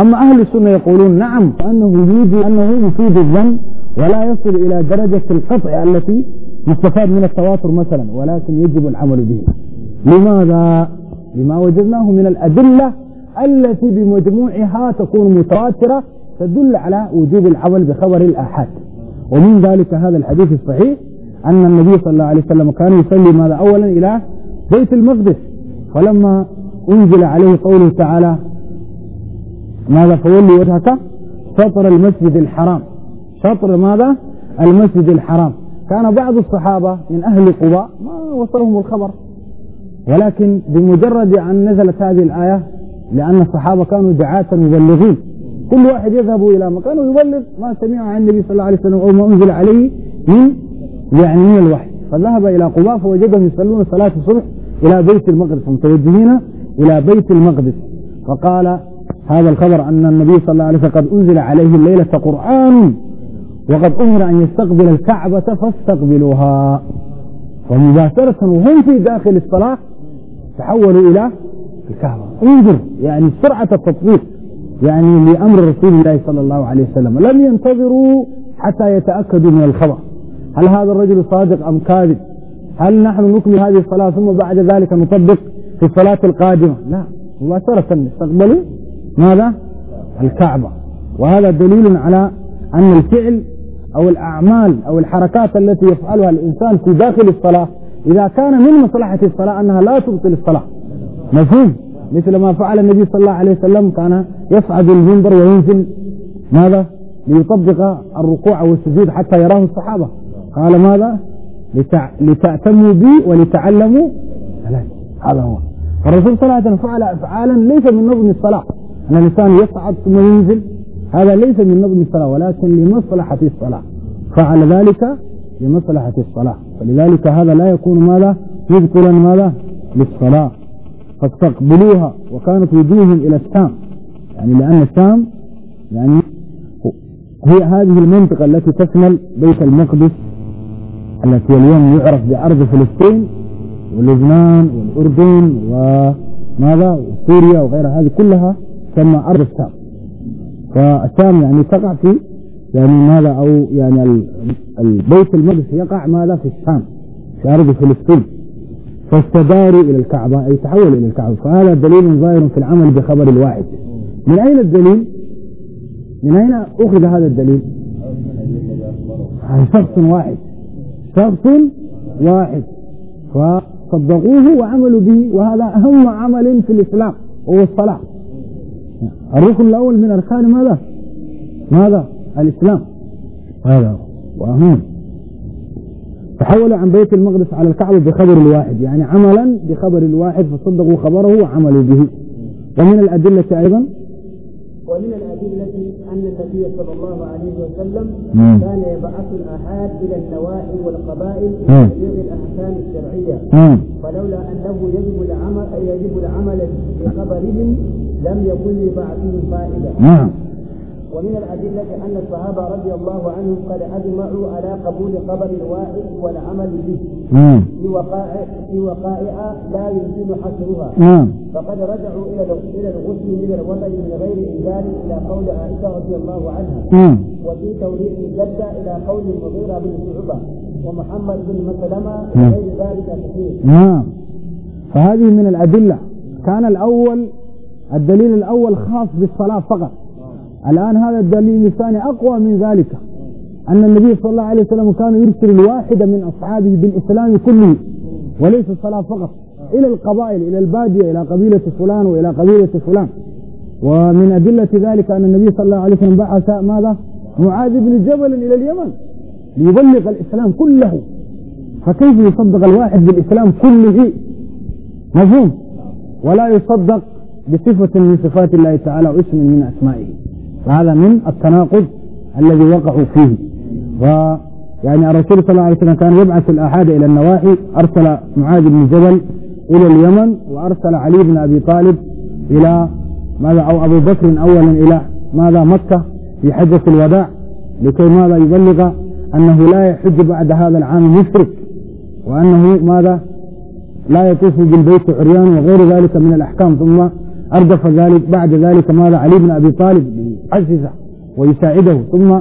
أما أهل السنة يقولون نعم أنه يوجد أنه يفيد الظن ولا يصل إلى درجة القطع التي يستفاد من التواتر مثلا ولكن يجب العمل به لماذا؟ لما وجدناه من الأدلة التي بمجموعها تكون متواترة تدل على وجوب العمل بخبر الآحاد ومن ذلك هذا الحديث الصحيح أن النبي صلى الله عليه وسلم كان يصلي ماذا أولا إلى بيت المقدس فلما أنزل عليه قوله تعالى ماذا فولي وجهك شطر المسجد الحرام شطر ماذا المسجد الحرام كان بعض الصحابة من أهل قباء ما وصلهم الخبر ولكن بمجرد أن نزلت هذه الآية لأن الصحابة كانوا دعاة مبلغين كل واحد يذهب إلى مكان ويبلغ ما سمع عن النبي صلى الله عليه وسلم أو ما أنزل عليه من يعني من الوحي فذهب إلى قباء فوجدهم يصلون صلاة الصبح إلى بيت المقدس متوجهين إلى بيت المقدس فقال هذا الخبر أن النبي صلى الله عليه وسلم قد أنزل عليه الليلة قرآن وقد أمر أن يستقبل الكعبة فاستقبلوها ومباشرة وهم في داخل الصلاة تحولوا إلى الكعبة انظر يعني سرعة التطبيق يعني لأمر رسول الله صلى الله عليه وسلم لم ينتظروا حتى يتأكدوا من الخبر هل هذا الرجل صادق أم كاذب هل نحن نكمل هذه الصلاة ثم بعد ذلك نطبق في الصلاة القادمة لا نعم، مباشرة استقبلوا ماذا الكعبة وهذا دليل على أن الفعل أو الأعمال أو الحركات التي يفعلها الإنسان في داخل الصلاة إذا كان من مصلحة الصلاة أنها لا تبطل الصلاة مفهوم مثل ما فعل النبي صلى الله عليه وسلم كان يصعد المنبر وينزل ماذا ليطبق الركوع والسجود حتى يراه الصحابة قال ماذا لتعتموا بي ولتعلموا هذا هو فالرسول صلى الله عليه وسلم فعل أفعالا ليس من نظم الصلاة أن الإنسان يصعد ثم ينزل هذا ليس من نظم الصلاة ولكن لمصلحة الصلاة فعل ذلك لمصلحة الصلاة فلذلك هذا لا يكون ماذا مذكرا ماذا للصلاة فاستقبلوها وكانت وجوههم إلى الشام يعني لأن الشام يعني هي هذه المنطقة التي تشمل بيت المقدس التي اليوم يعرف بأرض فلسطين ولبنان والأردن وماذا وسوريا وغيرها هذه كلها تسمى أرض الشام فالشام يعني تقع في يعني ماذا أو يعني البيت المقدس يقع ماذا في الشام في أرض فلسطين فاستداروا إلى الكعبة أي تحولوا إلى الكعبة فهذا دليل ظاهر في العمل بخبر الواحد من أين الدليل؟ من أين أخذ هذا الدليل؟ عن شخص واحد شخص واحد فصدقوه وعملوا به وهذا أهم عمل في الإسلام هو الصلاة الركن الأول من أركان ماذا ماذا الإسلام هذا وأهم تحول عن بيت المقدس على الكعبة بخبر الواحد يعني عملا بخبر الواحد فصدقوا خبره وعملوا به ومن الأدلة أيضا ومن الأدلة أن النبي صلى الله عليه وسلم مم. كان يبعث الآحاد إلى النواحي والقبائل لتبليغ الأحكام الشرعية فلولا أنه يجب العمل يجب العمل بخبرهم لم يكن لبعثهم فائدة. مم. ومن الأدلة أن الصحابة رضي الله عنهم قد أجمعوا على قبول خبر الواحد والعمل به في وقائع في وقائع لا يمكن حصرها فقد رجعوا إلى إلى الغسل من الوطن من غير إنزال إلى قول عائشة رضي الله عنها وفي توريث جدة إلى قول المغيرة بن شعبة ومحمد بن مسلمة وغير ذلك كثير نعم فهذه من الأدلة كان الأول الدليل الأول خاص بالصلاة فقط الآن هذا الدليل الثاني أقوى من ذلك أن النبي صلى الله عليه وسلم كان يرسل الواحدة من أصحابه بالإسلام كله وليس الصلاة فقط إلى القبائل إلى البادية إلى قبيلة فلان وإلى قبيلة فلان ومن أدلة ذلك أن النبي صلى الله عليه وسلم بعث ماذا معاذ بن جبل إلى اليمن ليبلغ الإسلام كله فكيف يصدق الواحد بالإسلام كله مفهوم ولا يصدق بصفة من صفات الله تعالى واسم من أسمائه وهذا من التناقض الذي وقعوا فيه ويعني الرسول صلى الله عليه وسلم كان يبعث الآحاد إلى النواحي أرسل معاذ بن جبل إلى اليمن وأرسل علي بن أبي طالب إلى ماذا أو أبو بكر أولا إلى ماذا مكة في حجة الوداع لكي ماذا يبلغ أنه لا يحج بعد هذا العام مشرك وأنه ماذا لا يطوف بالبيت عريان وغير ذلك من الأحكام ثم أردف ذلك بعد ذلك ماذا علي بن أبي طالب عززه ويساعده ثم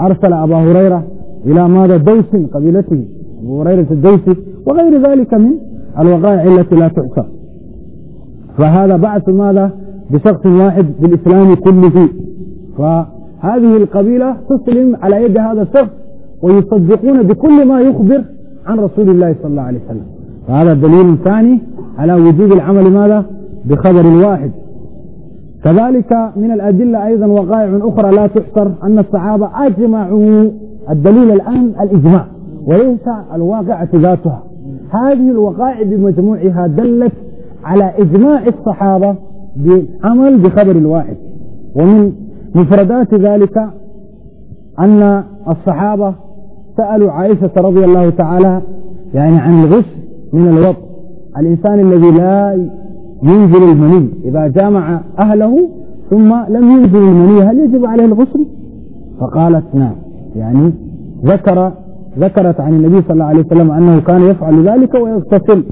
أرسل أبا هريرة إلى ماذا دوس قبيلته أبو هريرة الدوسي وغير ذلك من الوقائع التي لا تحصى فهذا بعث ماذا بشخص واحد بالإسلام كله فهذه القبيلة تسلم على يد هذا الشخص ويصدقون بكل ما يخبر عن رسول الله صلى الله عليه وسلم فهذا دليل ثاني على وجوب العمل ماذا بخبر واحد كذلك من الأدلة أيضا وقائع أخرى لا تحصر أن الصحابة أجمعوا الدليل الآن الإجماع وليس الواقعة ذاتها هذه الوقائع بمجموعها دلت على إجماع الصحابة بعمل بخبر الواحد ومن مفردات ذلك أن الصحابة سألوا عائشة رضي الله تعالى يعني عن الغش من الوضع الإنسان الذي لا ينزل المني إذا جامع أهله ثم لم ينزل المني هل يجب عليه الغسل فقالت نعم يعني ذكر ذكرت عن النبي صلى الله عليه وسلم أنه كان يفعل ذلك ويغتسل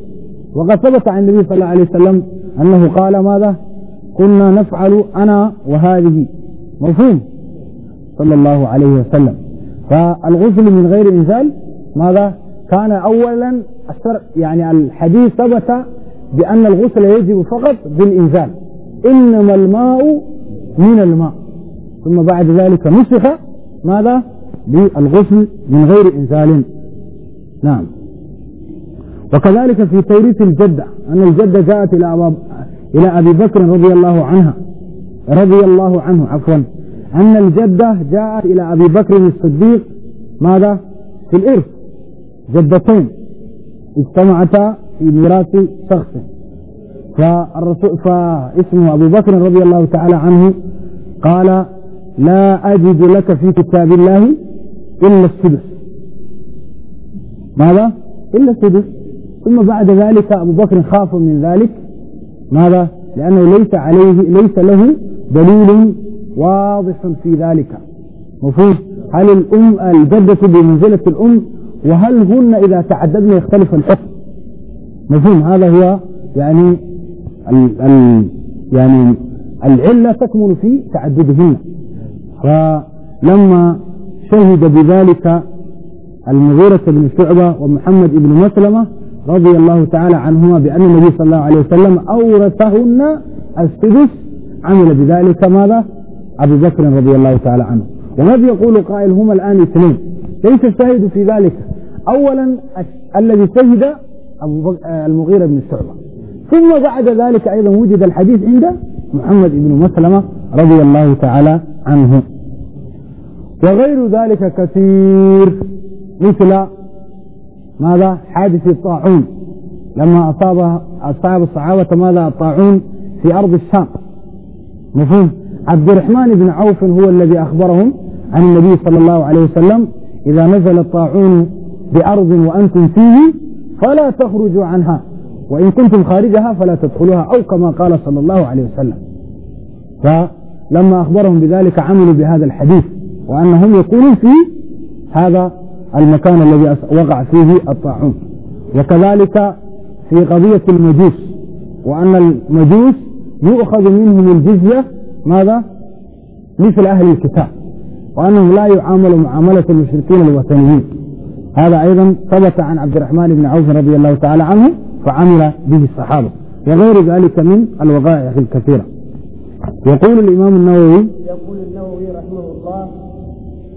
وقد ثبت عن النبي صلى الله عليه وسلم أنه قال ماذا كنا نفعل أنا وهذه مفهوم صلى الله عليه وسلم فالغسل من غير إنزال ماذا كان أولا يعني الحديث ثبت بأن الغسل يجب فقط بالإنزال إنما الماء من الماء ثم بعد ذلك نسخ ماذا بالغسل من غير إنزال نعم وكذلك في توريث الجدة أن الجدة جاءت إلى إلى أبي بكر رضي الله عنها رضي الله عنه عفوا أن الجدة جاءت إلى أبي بكر الصديق ماذا في الإرث جدتين اجتمعتا في ميراث شخصه فالرسول فاسمه أبو بكر رضي الله تعالى عنه قال لا أجد لك في كتاب الله إلا السدس ماذا؟ إلا السدس ثم بعد ذلك أبو بكر خاف من ذلك ماذا؟ لأنه ليس عليه ليس له دليل واضح في ذلك مفهوم هل الأم الجدة بمنزلة الأم وهل هن إذا تعددن يختلف الحكم مفهوم هذا هو يعني ال ال يعني العلة تكمن في تعددهن فلما شهد بذلك المغيرة بن شعبة ومحمد بن مسلمة رضي الله تعالى عنهما بأن النبي صلى الله عليه وسلم أورثهن السدس عمل بذلك ماذا؟ أبو بكر رضي الله تعالى عنه وماذا يقول قائل هما الآن اثنين ليس الشاهد في ذلك أولا الذي شهد أبو آه، المغيرة بن شعبة ثم بعد ذلك أيضا وجد الحديث عند محمد بن مسلمة رضي الله تعالى عنه وغير ذلك كثير مثل ماذا حادث الطاعون لما أصاب أصاب الصحابة ماذا الطاعون في أرض الشام مفهوم عبد الرحمن بن عوف هو الذي أخبرهم عن النبي صلى الله عليه وسلم إذا نزل الطاعون بأرض وأنتم فيه فلا تخرجوا عنها وإن كنتم خارجها فلا تدخلوها أو كما قال صلى الله عليه وسلم فلما أخبرهم بذلك عملوا بهذا الحديث وأنهم يكونوا في هذا المكان الذي وقع فيه الطاعون وكذلك في قضية المجوس وأن المجوس يؤخذ منهم الجزية ماذا مثل أهل الكتاب وأنهم لا يعاملوا معاملة المشركين الوثنيين هذا أيضا ثبت عن عبد الرحمن بن عوف رضي الله تعالى عنه فعمل به الصحابة وغير ذلك من الوقائع الكثيرة يقول الإمام النووي يقول النووي رحمه الله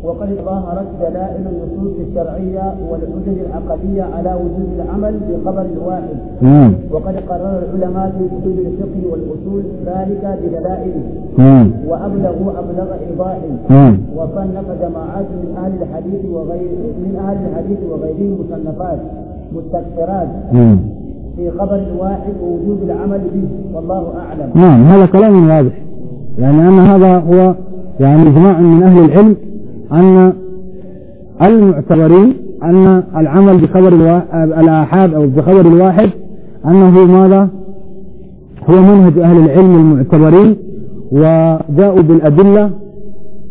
وقد ظاهرت دلائل النصوص الشرعية والحجج العقدية على وجود العمل بخبر الواحد وقد قرر العلماء في كتب الفقه والأصول ذلك بدلائله وأبلغوا أبلغ إيضاح وصنف جماعات من أهل الحديث وغير من أهل الحديث وغيرهم مصنفات مستكثرات في خبر الواحد ووجوب العمل به والله أعلم نعم هذا كلام واضح يعني أن هذا هو يعني إجماع من أهل العلم أن المعتبرين أن العمل بخبر الآحاد أو بخبر الواحد أنه ماذا هو منهج أهل العلم المعتبرين وجاءوا بالأدلة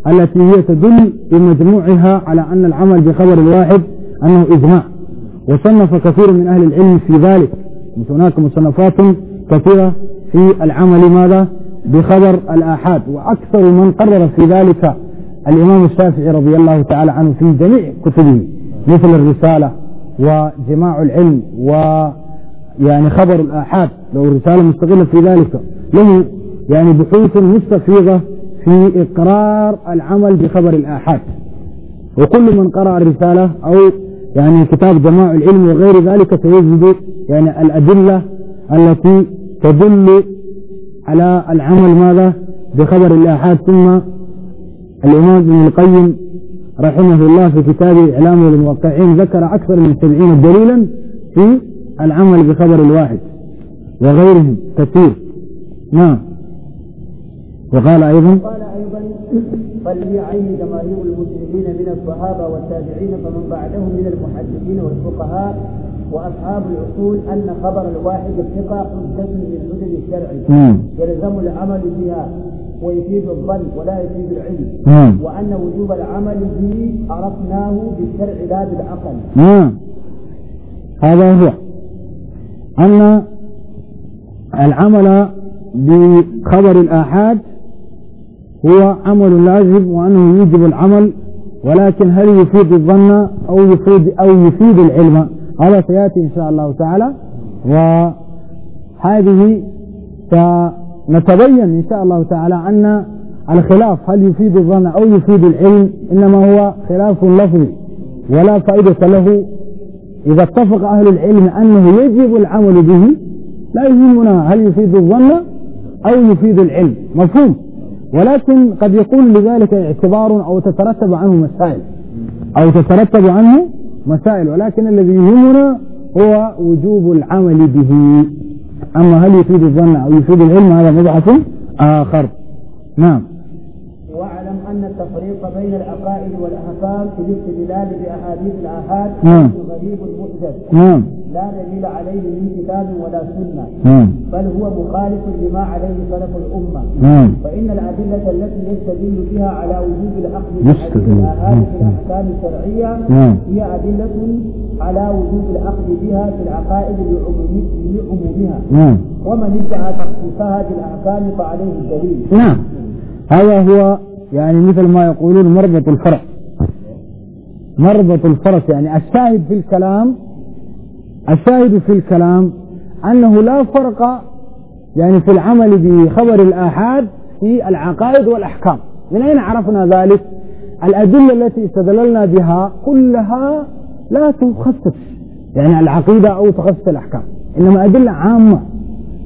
التي هي تدل بمجموعها على أن العمل بخبر الواحد أنه إجماع وصنف كثير من أهل العلم في ذلك هناك مصنفات كثيرة في العمل ماذا بخبر الآحاد وأكثر من قرر في ذلك الإمام الشافعي رضي الله تعالى عنه في جميع كتبه مثل الرسالة وجماع العلم و يعني خبر الآحاد لو رسالة مستقلة في ذلك له يعني بحوث مستفيضة في إقرار العمل بخبر الآحاد وكل من قرأ الرسالة أو يعني كتاب جماع العلم وغير ذلك سيجد يعني الأدلة التي تدل على العمل ماذا بخبر الآحاد ثم الإمام ابن القيم رحمه الله في كتابه إعلام الموقعين ذكر أكثر من سبعين دليلا في العمل بخبر الواحد وغيرهم كثير نعم وقال أيضا وقال أيضا فليعين جماهير المسلمين من الصحابة والتابعين فمن بعدهم من المحدثين والفقهاء واصحاب الاصول ان خبر الواحد الثقه حجه من حجج الشرع نعم. يلزم العمل بها ويفيد الظن ولا يفيد العلم وأن وجوب العمل به عرفناه بالشرع لا بالعقل نعم هذا هو أن العمل بخبر الآحاد هو عمل لازم وأنه يجب العمل ولكن هل يفيد الظن أو يفيد أو يفيد العلم هذا سيأتي إن شاء الله تعالى وهذه نتبين إن شاء الله تعالى أن الخلاف هل يفيد الظن أو يفيد العلم إنما هو خلاف لفظي ولا فائدة له إذا اتفق أهل العلم أنه يجب العمل به لا يهمنا هل يفيد الظن أو يفيد العلم مفهوم ولكن قد يكون لذلك اعتبار أو تترتب عنه مسائل أو تترتب عنه مسائل ولكن الذي يهمنا هو وجوب العمل به أما هل يفيد الظن أو يفيد العلم هذا مبحث آخر نعم واعلم ان التفريق بين العقائد والاحكام في الاستدلال باحاديث الاحاد نعم. غريب محدث نعم. لا دليل عليه من كتاب ولا سنه نعم. بل هو مخالف لما عليه سلف الامه فان الادله التي يستدل بها على وجوب الحق في الاحكام الشرعيه هي ادله على وجوب الاخذ بها في العقائد لعمومها ومن ادعى تخصيصها بالاحكام فعليه الدليل نعم هذا هو يعني مثل ما يقولون مربط الفرس مربط الفرس يعني الشاهد في الكلام الشاهد في الكلام أنه لا فرق يعني في العمل بخبر الآحاد في العقائد والأحكام من أين عرفنا ذلك الأدلة التي استدللنا بها كلها لا تخصص يعني العقيدة أو تخصص الأحكام إنما أدلة عامة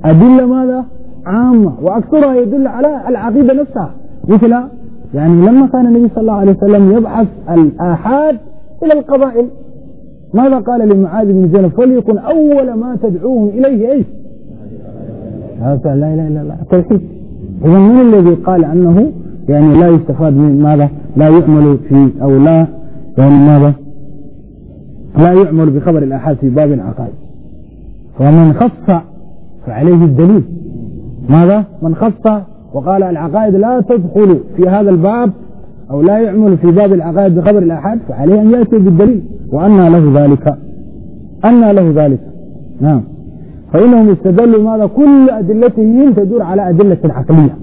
أدلة ماذا عامة وأكثرها يدل على العقيدة نفسها مثل يعني لما كان النبي صلى الله عليه وسلم يبعث الآحاد إلى القبائل ماذا قال لمعاذ بن جنب فليكن أول ما تدعوهم إليه إيش هذا لا إله إلا الله توحيد إذا من الذي قال أنه يعني لا يستفاد من ماذا لا يعمل في أو لا يعني ماذا لا يعمل بخبر الآحاد في باب العقائد ومن خص فعليه الدليل ماذا من خص وقال العقائد لا تدخل في هذا الباب أو لا يعمل في باب العقائد بخبر الآحاد فعليه أن يأتي بالدليل وأنى له ذلك أنى له ذلك نعم فإنهم استدلوا ماذا كل أدلتهم تدور على أدلة عقلية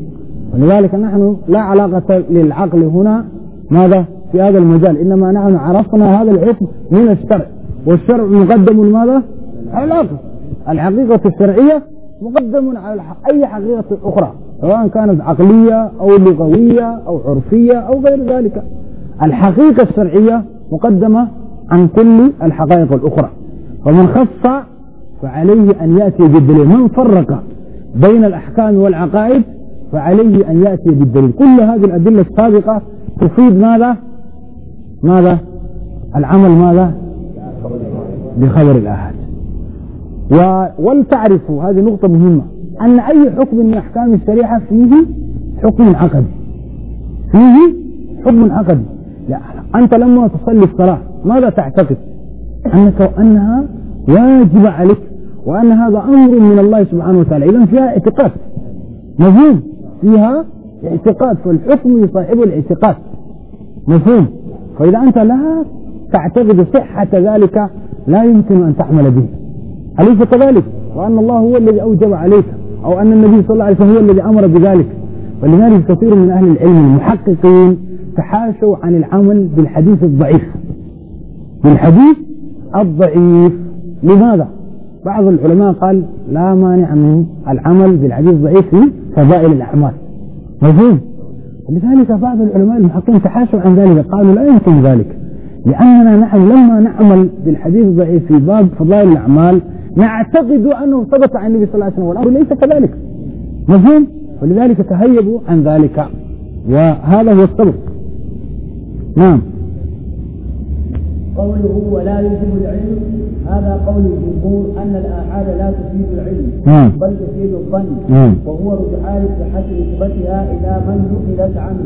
ولذلك نحن لا علاقة للعقل هنا ماذا في هذا المجال إنما نحن عرفنا هذا الحكم من الشرع والشرع مقدم ماذا على العقل الحقيقة الشرعية مقدم على أي حقيقة أخرى سواء كانت عقلية أو لغوية أو عرفية أو غير ذلك الحقيقة الشرعية مقدمة عن كل الحقائق الأخرى فمن خص فعليه أن يأتي بالدليل من فرق بين الأحكام والعقائد فعليه أن يأتي بالدليل كل هذه الأدلة السابقة تفيد ماذا ماذا العمل ماذا بخبر الآحاد ولتعرفوا هذه نقطة مهمة أن أي حكم من أحكام الشريعة فيه حكم عقدي فيه حكم عقدي لا أنت لما تصلي الصلاة ماذا تعتقد أنك أنها واجبة عليك وأن هذا أمر من الله سبحانه وتعالى إذا فيها اعتقاد مفهوم فيها اعتقاد فالحكم يصاحب الاعتقاد مفهوم فإذا أنت لا تعتقد صحة ذلك لا يمكن أن تعمل به أليس كذلك وأن الله هو الذي أوجب عليك أو أن النبي صلى الله عليه وسلم هو الذي أمر بذلك ولذلك كثير من أهل العلم المحققين تحاشوا عن العمل بالحديث الضعيف بالحديث الضعيف لماذا؟ بعض العلماء قال لا مانع من العمل بالحديث الضعيف في فضائل الأعمال مفهوم؟ لذلك بعض العلماء المحققين تحاشوا عن ذلك قالوا لا يمكن ذلك لأننا نحن لما نعمل بالحديث الضعيف في باب فضائل الأعمال نعتقد أنه ثبت عن النبي صلى الله عليه وسلم والأمر ليس كذلك مفهوم ولذلك تهيبوا عن ذلك وهذا هو السبب نعم قوله ولا يجب العلم هذا قول الجمهور ان الاحاد لا تفيد العلم نعم. بل تفيد الظن نعم. وهو رجحان صحه نسبتها الى من نقلت عنه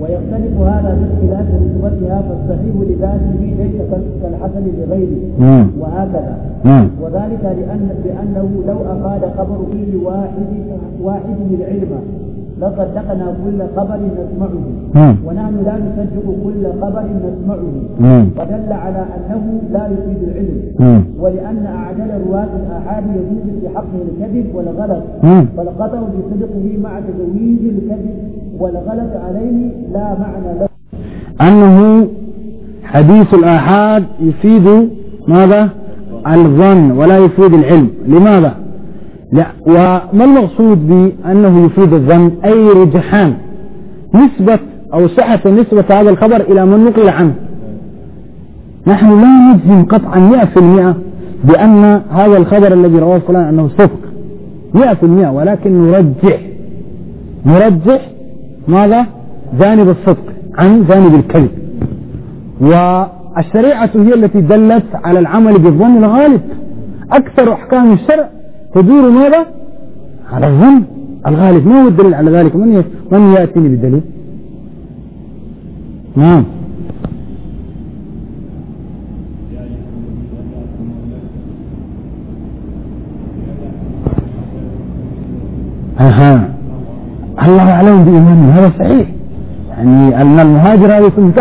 ويختلف هذا باختلاف رتبتها فالصحيح لذاته ليس كالحسن لغيره وهكذا وذلك لأن لأنه لو أفاد خبر كل واحد واحد العلم لقد لقنا كل خبر نسمعه ونحن لا نصدق كل خبر نسمعه ودل على انه لا يفيد العلم ولان اعدل رواه الاحاد يجوز في حقه الكذب والغلط فالقطع بصدقه مع تجويز الكذب والغلط عليه لا معنى له انه حديث الاحاد يفيد ماذا الظن ولا يفيد العلم لماذا لا وما المقصود بأنه يفيد الذم أي رجحان نسبة أو صحة نسبة هذا الخبر إلى من نقل عنه نحن لا نجزم قطعا 100% بأن هذا الخبر الذي رواه فلان أنه صدق 100% ولكن نرجح نرجح ماذا؟ جانب الصدق عن جانب الكذب والشريعة هي التي دلت على العمل بالظن الغالب أكثر أحكام الشرع تدور ماذا على الظن الغالب ما هو الدليل على ذلك من من يأتيني بالدليل نعم أها الله أعلم بايماننا هذا صحيح يعني أن المهاجر هذا يكون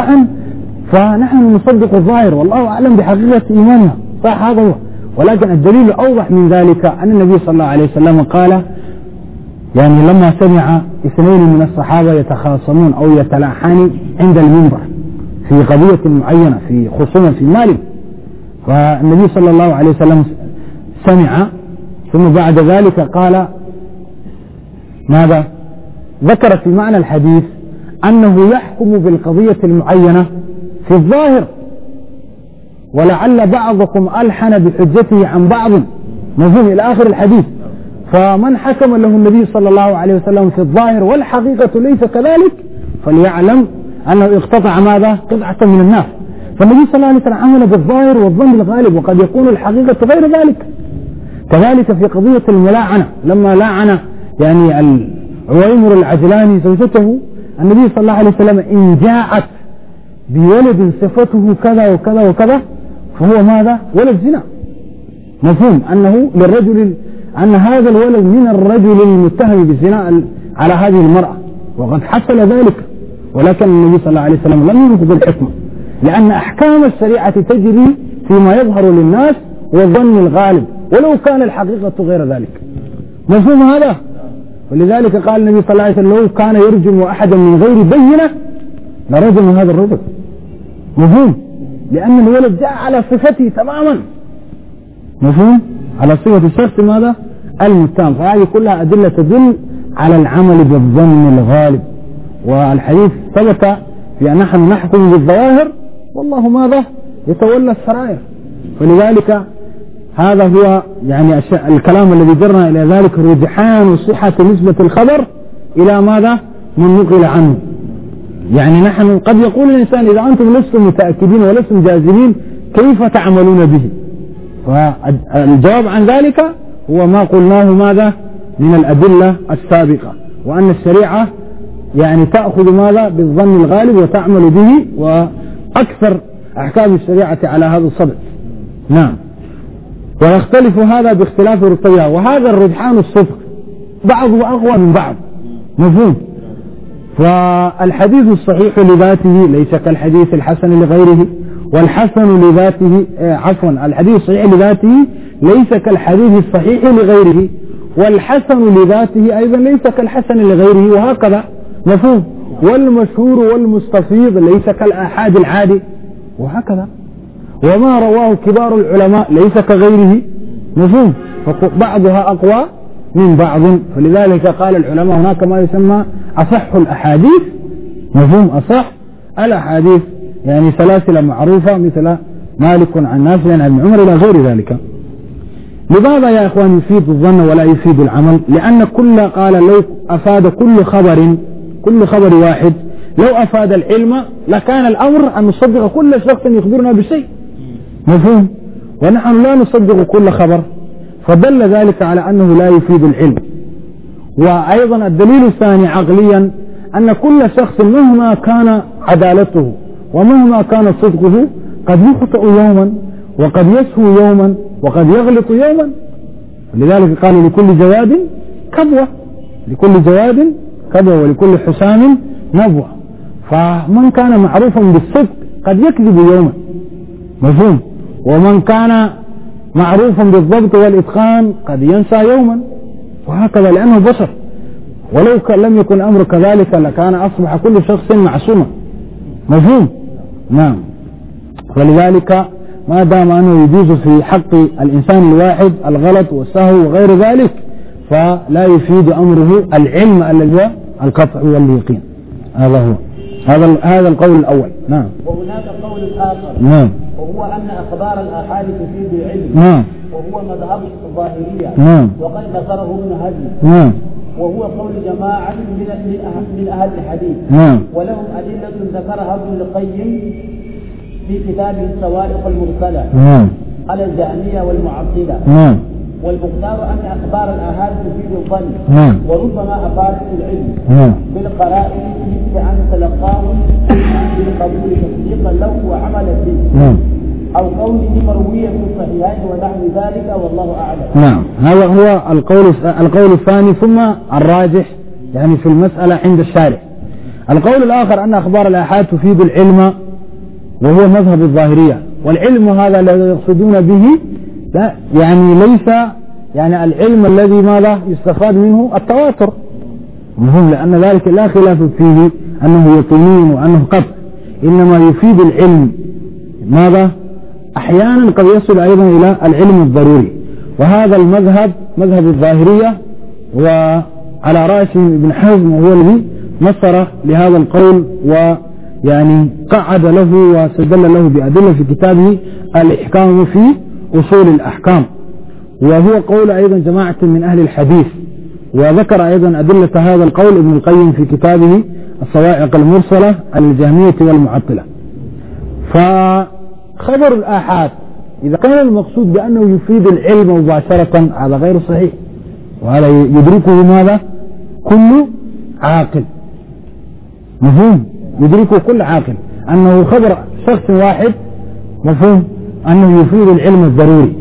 فنحن نصدق الظاهر والله أعلم بحقيقة إيماننا صح هذا هو ولكن الدليل أوضح من ذلك أن النبي صلى الله عليه وسلم قال يعني لما سمع اثنين من الصحابة يتخاصمون أو يتلاحان عند المنبر في قضية معينة في خصومة في مال فالنبي صلى الله عليه وسلم سمع ثم بعد ذلك قال ماذا ذكر في معنى الحديث أنه يحكم بالقضية المعينة في الظاهر ولعل بعضكم ألحن بحجته عن بعض مفهوم إلى آخر الحديث فمن حكم له النبي صلى الله عليه وسلم في الظاهر والحقيقة ليس كذلك فليعلم أنه اقتطع ماذا قطعة من الناس فالنبي صلى الله عليه وسلم عمل بالظاهر والظن الغالب وقد يكون الحقيقة غير ذلك كذلك في قضية الملاعنة لما لاعن يعني عويمر العجلاني زوجته النبي صلى الله عليه وسلم إن جاءت بولد صفته كذا وكذا وكذا فهو ماذا ولد زنا مفهوم أنه للرجل أن هذا الولد من الرجل المتهم بالزنا على هذه المرأة وقد حصل ذلك ولكن النبي صلى الله عليه وسلم لم ينقض الحكمة لأن أحكام الشريعة تجري فيما يظهر للناس والظن الغالب ولو كان الحقيقة غير ذلك مفهوم هذا ولذلك قال النبي صلى الله عليه وسلم لو كان يرجم أحدا من غير بينة لرجم هذا الرجل مفهوم لأن الولد جاء على صفته تماما مفهوم؟ على صفة الشخص ماذا؟ المتهم فهذه كلها أدلة تدل على العمل بالظن الغالب والحديث ثبت في أن نحن نحكم بالظواهر والله ماذا؟ يتولى السرائر ولذلك هذا هو يعني الكلام الذي جرنا إلى ذلك رجحان صحة نسبة الخبر إلى ماذا؟ من نقل عنه يعني نحن قد يقول الإنسان إذا أنتم لستم متأكدين ولستم جازمين كيف تعملون به فالجواب عن ذلك هو ما قلناه ماذا من الأدلة السابقة وأن الشريعة يعني تأخذ ماذا بالظن الغالب وتعمل به وأكثر أحكام الشريعة على هذا الصدد نعم ويختلف هذا باختلاف رتبها وهذا الرجحان الصدق بعضه أقوى من بعض مفهوم فالحديث الصحيح لذاته ليس كالحديث الحسن لغيره والحسن لذاته آه، عفوا الحديث الصحيح لذاته ليس كالحديث الصحيح لغيره والحسن لذاته أيضا ليس كالحسن لغيره وهكذا مفهوم والمشهور والمستفيض ليس كالآحاد العادي وهكذا وما رواه كبار العلماء ليس كغيره مفهوم بعضها أقوى من بعض فلذلك قال العلماء هناك ما يسمى أصح الأحاديث مفهوم أصح الأحاديث يعني سلاسل معروفة مثل مالك عن نافع عن ابن عمر إلى غير ذلك لماذا يا إخوان يفيد الظن ولا يفيد العمل لأن كل قال لو أفاد كل خبر كل خبر واحد لو أفاد العلم لكان الأمر أن نصدق كل شخص يخبرنا بشيء مفهوم ونحن لا نصدق كل خبر فدل ذلك على أنه لا يفيد العلم وأيضا الدليل الثاني عقليا أن كل شخص مهما كان عدالته ومهما كان صدقه قد يخطئ يوما وقد يسهو يوما وقد يغلط يوما لذلك قال لكل جواد كبوة لكل جواد كبوة ولكل حسام نبوة فمن كان معروفا بالصدق قد يكذب يوما مفهوم ومن كان معروف بالضبط والإتقان قد ينسى يوما وهكذا لأنه بشر ولو لم يكن الأمر كذلك لكان أصبح كل شخص معصوما مفهوم نعم ولذلك ما دام أنه يجوز في حق الإنسان الواحد الغلط والسهو وغير ذلك فلا يفيد أمره العلم الذي هو القطع واليقين هذا هو هذا هذا القول الاول نعم وهناك قول اخر نعم وهو ان اخبار الاحاد تفيد العلم نعم وهو مذهب الظاهريه نعم وقد ذكره ابن هدي نعم وهو قول جماعة من من أه- أهل الحديث نعم ولهم أدلة ذكرها ابن القيم في كتابه السوائق المرسلة نعم على الجهمية والمعطلة نعم والمختار أن أخبار الاهالي تفيد الظن نعم وربما أفادت العلم نعم بالقرائن مثل أن تلقاه بالقبول تصديقا له وعملا به نعم أو قوله مروية في الصحيحين ونحو ذلك والله أعلم نعم هذا هو القول القول الثاني ثم الراجح يعني في المسألة عند الشارع القول الآخر أن أخبار الآحاد تفيد العلم وهو مذهب الظاهرية والعلم هذا الذي يقصدون به لا يعني ليس يعني العلم الذي ماذا يستفاد منه التواتر مهم لأن ذلك لا خلاف فيه أنه يقيني وأنه قد إنما يفيد العلم ماذا أحيانا قد يصل أيضا إلى العلم الضروري وهذا المذهب مذهب الظاهرية وعلى رأسهم ابن حزم وهو الذي نصر لهذا القول ويعني قعد له واستدل له بأدلة في كتابه الإحكام في أصول الأحكام وهو قول أيضا جماعة من أهل الحديث وذكر أيضا أدلة هذا القول ابن القيم في كتابه الصواعق المرسلة الجهمية والمعطلة فخبر الآحاد إذا كان المقصود بأنه يفيد العلم مباشرة هذا غير صحيح وهذا يدركه ماذا كل عاقل مفهوم يدركه كل عاقل أنه خبر شخص واحد مفهوم أنه يفيد العلم الضروري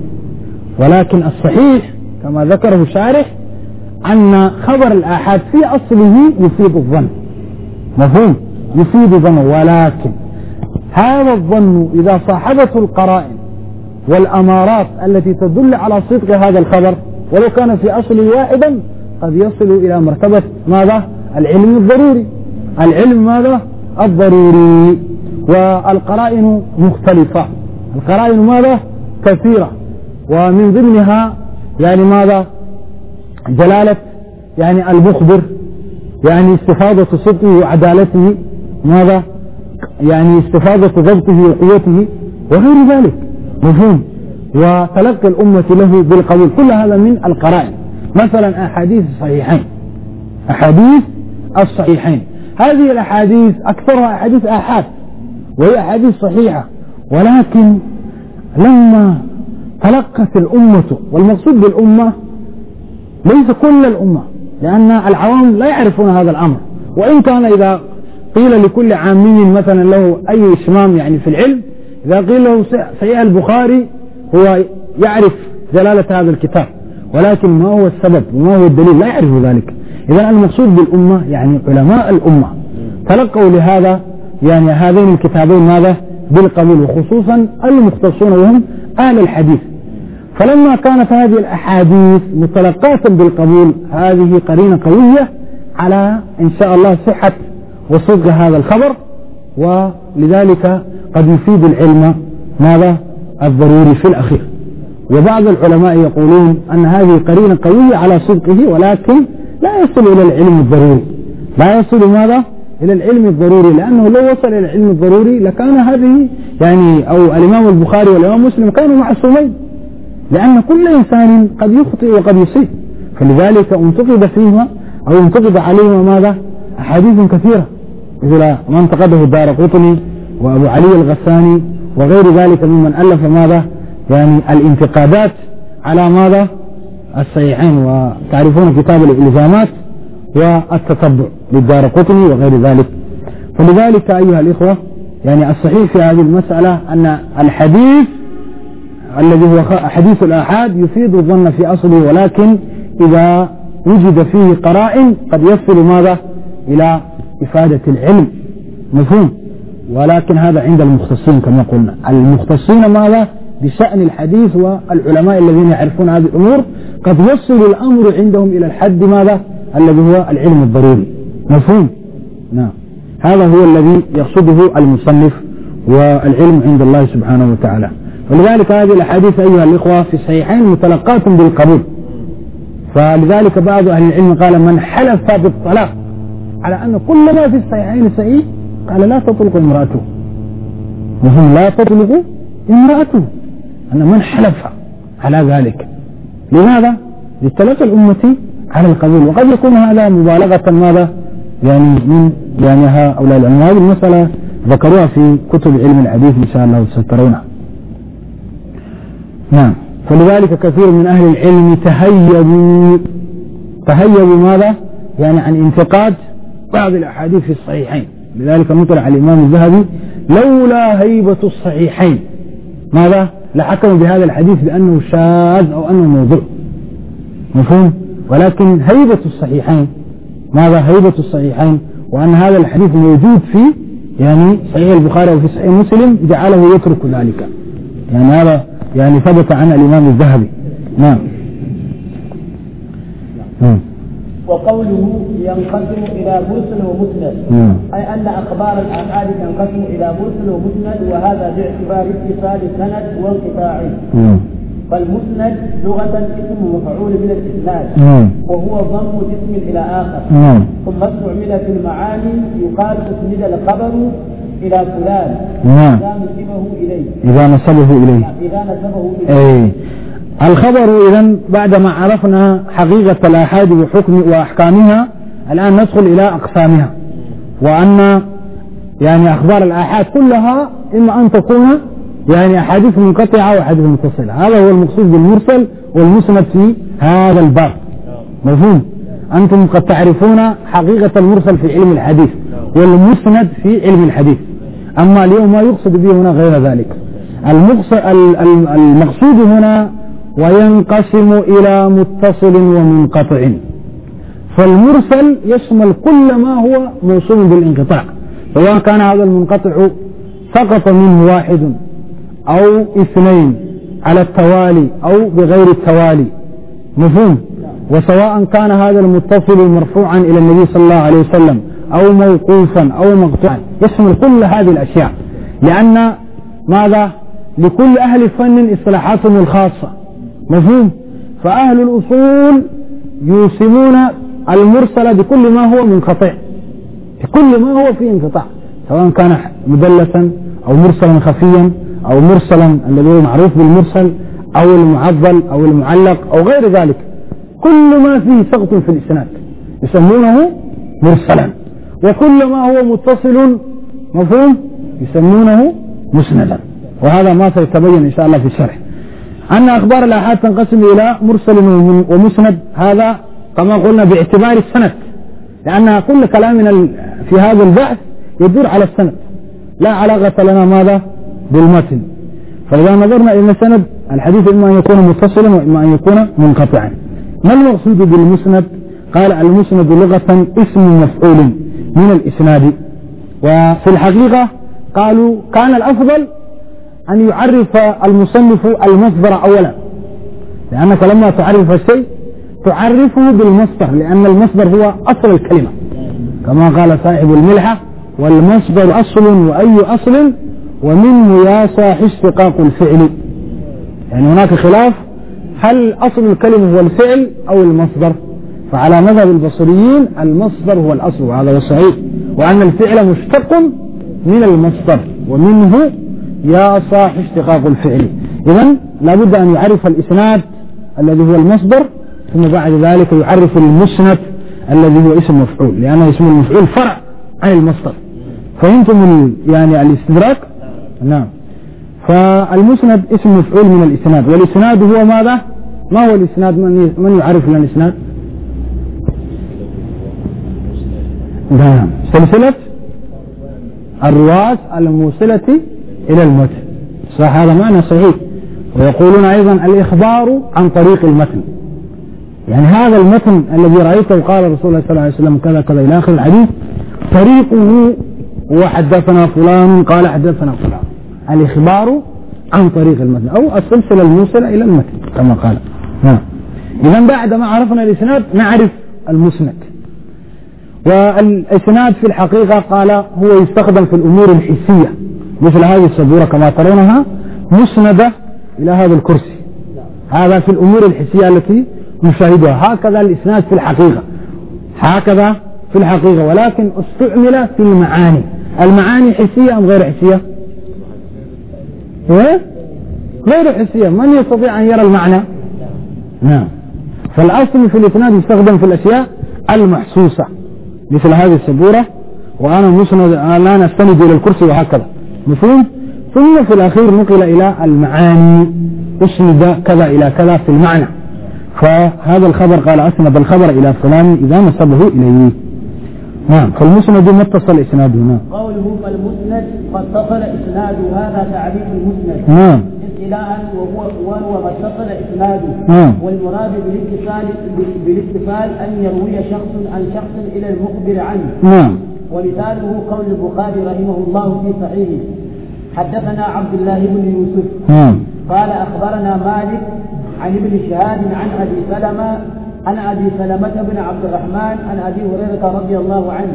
ولكن الصحيح كما ذكره الشارح أن خبر الآحاد في أصله يفيد الظن مفهوم يفيد الظن ولكن هذا الظن إذا صاحبته القرائن والأمارات التي تدل على صدق هذا الخبر ولو كان في أصله واحدا قد يصل إلى مرتبة ماذا العلم الضروري العلم ماذا الضروري والقرائن مختلفة القرائن ماذا كثيرة ومن ضمنها يعني ماذا جلالة يعني المخبر يعني استفادة صدقه وعدالته ماذا يعني استفادة ضبطه وقوته وغير ذلك مفهوم وتلقي الأمة له بالقبول كل هذا من القرائن مثلا أحاديث الصحيحين أحاديث الصحيحين هذه الأحاديث أكثرها أحاديث آحاد وهي أحاديث صحيحة ولكن لما تلقت الأمة والمقصود بالأمة ليس كل الأمة لأن العوام لا يعرفون هذا الأمر وإن كان إذا قيل لكل عامي مثلا له أي إشمام يعني في العلم إذا قيل له صحيح البخاري هو يعرف جلالة هذا الكتاب ولكن ما هو السبب وما هو الدليل لا يعرف ذلك إذا المقصود بالأمة يعني علماء الأمة تلقوا لهذا يعني هذين الكتابين ماذا بالقليل وخصوصا المختصون وهم أهل الحديث فلما كانت هذه الأحاديث متلقاة بالقبول هذه قرينة قوية على إن شاء الله صحة وصدق هذا الخبر ولذلك قد يفيد العلم ماذا الضروري في الأخير وبعض العلماء يقولون أن هذه قرينة قوية على صدقه ولكن لا يصل إلى العلم الضروري لا يصل ماذا إلى العلم الضروري لأنه لو وصل إلى العلم الضروري لكان هذه يعني أو الإمام البخاري والإمام مسلم كانوا معصومين لأن كل إنسان قد يخطئ وقد يصيب فلذلك انتقد فيهما أو انتقد عليهما ماذا أحاديث كثيرة مثل ما انتقده الدار قطني وأبو علي الغساني وغير ذلك ممن ألف ماذا يعني الانتقادات على ماذا الصحيحين وتعرفون كتاب الإلزامات والتطبع للدار قطني وغير ذلك فلذلك أيها الإخوة يعني الصحيح في هذه المسألة أن الحديث الذي هو حديث الآحاد يفيد الظن في أصله ولكن إذا وجد فيه قرائن قد يصل ماذا إلى إفادة العلم مفهوم ولكن هذا عند المختصين كما قلنا المختصين ماذا بشأن الحديث والعلماء الذين يعرفون هذه الأمور قد يصل الأمر عندهم إلى الحد ماذا الذي هو العلم الضروري مفهوم نعم هذا هو الذي يقصده المصنف والعلم عند الله سبحانه وتعالى ولذلك هذه الأحاديث أيها الإخوة في الصحيحين متلقاة بالقبول فلذلك بعض أهل العلم قال من حلف بالطلاق على أن كل ما في الصحيحين صحيح قال لا تطلق امرأته مفهوم لا تطلق امرأته أن من حلف على ذلك لماذا؟ للتلاقي الأمة على القبول وقد يكون هذا مبالغة ماذا؟ يعني من يعني هؤلاء العلماء هذه المسألة ذكروها في كتب علم الحديث إن شاء الله سترونها نعم فلذلك كثير من أهل العلم تهيبوا تهيبوا ماذا؟ يعني عن انتقاد بعض الأحاديث في الصحيحين لذلك نطلع الإمام الذهبي لولا هيبة الصحيحين ماذا لحكموا بهذا الحديث بأنه شاذ أو أنه موضوع مفهوم ولكن هيبة الصحيحين ماذا هيبة الصحيحين وأن هذا الحديث موجود في يعني صحيح البخاري وفي صحيح مسلم جعله يترك ذلك يعني هذا يعني ثبت عن الإمام الذهبي نعم, نعم. وقوله ينقسم إلى مرسل ومسند أي أن أخبار الأعمال تنقسم إلى مرسل ومسند وهذا باعتبار اتصال السند وانقطاعه فالمسند لغة اسم مفعول من الإسناد وهو ضم اسم إلى آخر ثم استعمل في المعاني يقال أسند الخبر إلى فلان إذا نسبه إليه إذا نسبه إليه إذا نسبه إليه إيه. الخبر إذا بعدما عرفنا حقيقة الآحاد وحكم وأحكامها الآن ندخل إلى أقسامها وأن يعني أخبار الآحاد كلها إما أن تكون يعني أحاديث منقطعة وأحاديث متصلة هذا هو المقصود بالمرسل والمسند في هذا الباب مفهوم أنتم قد تعرفون حقيقة المرسل في علم الحديث والمسند في علم الحديث أما اليوم ما يقصد به هنا غير ذلك المقصود هنا وينقسم إلى متصل ومنقطع فالمرسل يشمل كل ما هو موصول بالانقطاع سواء كان هذا المنقطع سقط منه واحد أو اثنين على التوالي أو بغير التوالي مفهوم وسواء كان هذا المتصل مرفوعا إلى النبي صلى الله عليه وسلم أو موقوفا أو مقطوعا يشمل كل هذه الأشياء لأن ماذا لكل أهل فن إصلاحاتهم الخاصة مفهوم فأهل الأصول يوسمون المرسل بكل ما هو منقطع بكل ما هو فيه انقطاع سواء كان مدلسا أو مرسلا خفيا أو مرسلا الذي هو معروف بالمرسل أو المعضل أو المعلق أو غير ذلك كل ما فيه سقط في الإسناد يسمونه مرسلا وكل ما هو متصل مفهوم يسمونه مسندا وهذا ما سيتبين إن شاء الله في الشرح أن أخبار الآحاد تنقسم إلى مرسل ومسند هذا كما قلنا باعتبار السند لأنها كل كلامنا في هذا البحث يدور على السند لا علاقة لنا ماذا بالمتن فإذا نظرنا إلى السند الحديث إما أن يكون متصلا وإما أن يكون منقطعا ما المقصود بالمسند قال المسند لغة اسم مفعول من الإسناد وفي الحقيقة قالوا كان الأفضل أن يعرف المصنف المصدر أولا لأنك لما تعرف الشيء تعرفه بالمصدر لأن المصدر هو أصل الكلمة كما قال صاحب الملحة والمصدر أصل وأي أصل ومنه يا صاح اشتقاق الفعل يعني هناك خلاف هل أصل الكلمة هو الفعل أو المصدر فعلى مذهب البصريين المصدر هو الأصل وهذا هو الصحيح وأن الفعل مشتق من المصدر ومنه يا صاح اشتقاق الفعل إذا لابد أن يعرف الإسناد الذي هو المصدر ثم بعد ذلك يعرف المسند الذي هو اسم مفعول لأن اسم المفعول فرع عن المصدر فهمتم يعني الاستدراك نعم فالمسند اسم مفعول من الإسناد والإسناد هو ماذا ما هو الإسناد من من يعرف لنا الإسناد نعم سلسلة الرواس الموصلة إلى المتن صح هذا معنى صحيح ويقولون أيضا الإخبار عن طريق المتن يعني هذا المتن الذي رأيته قال رسول الله صلى الله عليه وسلم كذا كذا إلى آخر الحديث طريقه وحدثنا فلان قال حدثنا فلان الإخبار عن طريق المتن أو السلسلة الموصلة إلى المتن كما قال نعم إذا بعد ما عرفنا الإسناد نعرف المسند والإسناد في الحقيقة قال هو يستخدم في الأمور الحسية مثل هذه السبورة كما ترونها مسندة إلى هذا الكرسي هذا في الأمور الحسية التي نشاهدها هكذا الإسناد في الحقيقة هكذا في الحقيقة ولكن استعمل في المعاني المعاني حسية أم غير حسية إيه؟ غير حسية من يستطيع أن يرى المعنى نعم فالأصل في الإسناد يستخدم في الأشياء المحسوسة مثل هذه السبورة وأنا مسند الآن أستند إلى الكرسي وهكذا مفهوم ثم في الأخير نقل إلى المعاني أسند كذا إلى كذا في المعنى فهذا الخبر قال أسند الخبر إلى فلان إذا نسبه إليه نعم فالمسند متصل إسناده هنا نعم. قوله فالمسند اتصل إسناده هذا تعريف المسند نعم ابتداء وهو وهو ما اتصل اسناده نعم والمراد بالاتصال بالاتصال ان يروي شخص عن شخص الى المخبر عنه نعم ومثاله قول البخاري رحمه الله في صحيحه حدثنا عبد الله بن يوسف قال أخبرنا مالك عن ابن شهاب عن أبي سلمة عن أبي سلمة بن عبد الرحمن عن أبي هريرة رضي الله عنه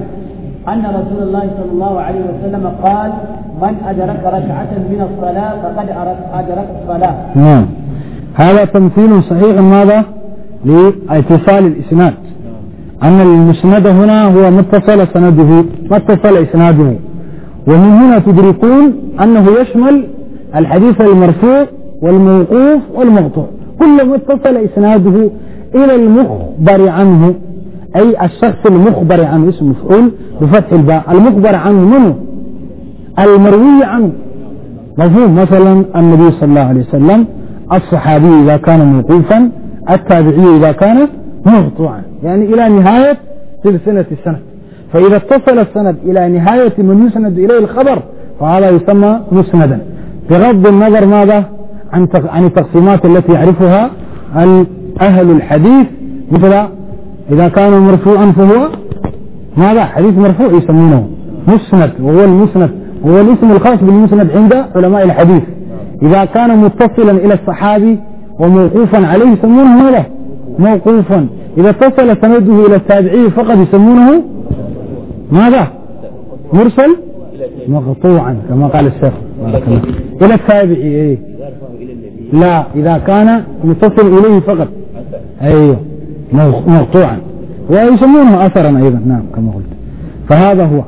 أن رسول الله صلى الله عليه وسلم قال من أدرك ركعة من الصلاة فقد أدرك الصلاة نعم. هذا تمثيل صحيح ماذا؟ لاتصال الإسناد أن المسند هنا هو متصل سنده متصل إسناده ومن هنا تدركون أنه يشمل الحديث المرفوع والموقوف والمقطوع كل متصل إسناده إلى المخبر عنه أي الشخص المخبر عنه اسم مفعول بفتح الباء المخبر عنه منه المروي عنه مفهوم مثلا النبي صلى الله عليه وسلم الصحابي إذا كان موقوفا التابعي إذا كان مقطوعا يعني إلى نهاية سلسلة السند فإذا اتصل السند إلى نهاية من يسند إليه الخبر فهذا يسمى مسندا بغض النظر ماذا عن عن التقسيمات التي يعرفها أهل الحديث مثل إذا كان مرفوعا فهو ماذا حديث مرفوع يسمونه مسند وهو المسند وهو الاسم الخاص بالمسند عند علماء الحديث إذا كان متصلا إلى الصحابي وموقوفا عليه يسمونه ماذا موقوفا إذا اتصل سنده إلى التابعي فقد يسمونه ماذا مرسل مقطوعا كما قال الشيخ إلى التابعي إيه؟ لا إذا كان متصل إليه فقط أيوه مقطوعا ويسمونه أثرا أيضا نعم كما قلت فهذا هو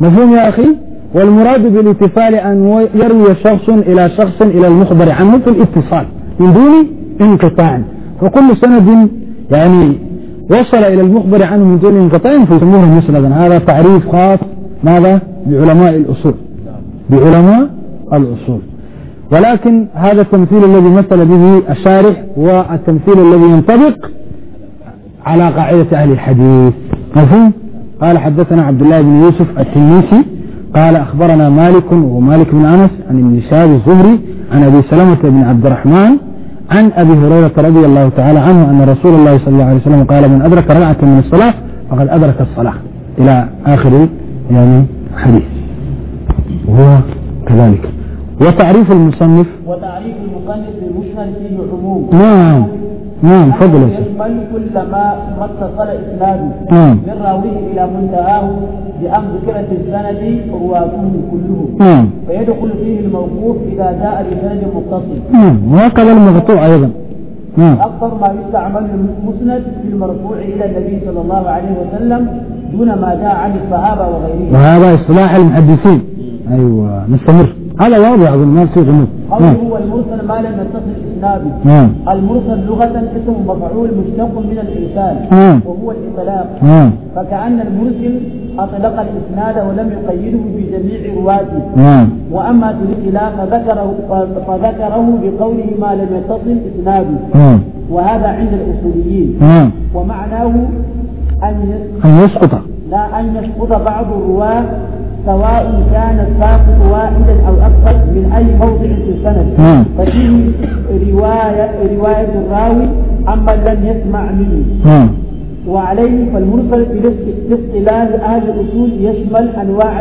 مفهوم يا أخي والمراد بالاتصال أن يروي شخص إلى شخص إلى المخبر عنه في الاتصال من دون انقطاع وكل سند يعني وصل إلى المخبر عنه من دون انقطاع فيسموه مسندا هذا تعريف خاص ماذا بعلماء الأصول بعلماء الأصول ولكن هذا التمثيل الذي مثل به الشارح هو التمثيل الذي ينطبق على قاعدة أهل الحديث مفهوم؟ قال حدثنا عبد الله بن يوسف التنيسي قال أخبرنا مالك ومالك بن أنس عن ابن شهاب الزهري عن أبي سلمة بن عبد الرحمن عن أبي هريرة رضي الله تعالى عنه أن رسول الله صلى الله عليه وسلم قال من أدرك ركعة من الصلاة فقد أدرك الصلاة إلى آخر يعني حديث وهو كذلك وتعريف المصنف وتعريف المصنف للمشهد فيه عموم نعم نعم تفضل يشمل كل ما متصل اتصل اسناده نعم من راويه الى منتهاه بان ذكرة السند رواته كله نعم فيدخل فيه الموقوف اذا جاء بسند متصل نعم وهكذا المقطوع ايضا نعم اكثر ما يستعمل المسند في المرفوع الى النبي صلى الله عليه وسلم دون ما جاء عن الصحابه وغيرهم وهذا اصطلاح المحدثين ايوه نستمر هذا واضح أظن ما في هو المرسل ما لم يتصل إسناده نعم. المرسل لغة اسم مفعول مشتق من الإرسال نعم. وهو الإطلاق نعم. فكأن المرسل أطلق الإسناد ولم يقيده في جميع رواته وأما تلقلا فذكره فذكره بقوله ما لم يتصل إسناده وهذا عند الأصوليين ومعناه أن يسقط لا أن يسقط بعض الرواة سواء كان الساقط واحدا او اكثر من اي موضع في السند نعم. ففيه روايه روايه الراوي عما لم يسمع منه نعم. وعليه فالمرسل في اصطلاح اهل الاصول يشمل انواع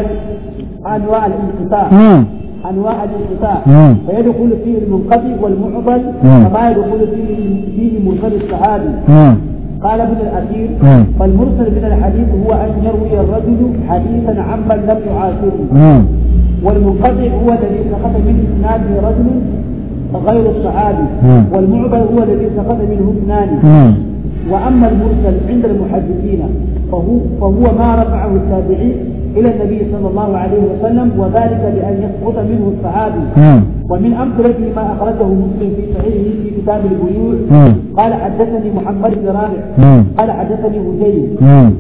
انواع الانقطاع نعم. انواع الانقطاع فيدخل فيه المنقطع والمعضل كما يدخل فيه فيه منقطع السعاده قال ابن الاثير فالمرسل من الحديث هو ان يروي الرجل حديثا عمن لم يعاشره والمنقطع هو الذي سقط من اسناده رجل غير الصحابي والمعبر هو الذي سقط منه اثنان واما المرسل عند المحدثين فهو فهو ما رفعه التابعي إلى النبي صلى الله عليه وسلم وذلك بأن يسقط منه الصحابي ومن أمثلته ما أخرجه مسلم في صحيحه في كتاب البيوع قال حدثني محمد بن رابع قال حدثني هزيل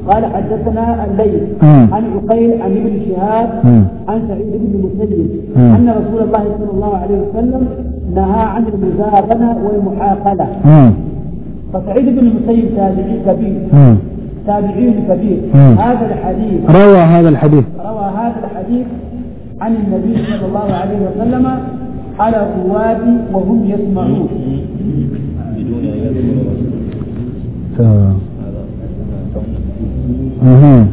قال حدثنا الليث عن عقيل عن ابن شهاب عن سعيد بن المسيب أن رسول الله صلى الله عليه وسلم نهى عن المزارنة والمحاقلة فسعيد بن المسيب تابعي كبير تابعين كبير هذا الحديث روى هذا الحديث روى هذا الحديث عن النبي صلى الله عليه وسلم على قواد وهم يسمعون اها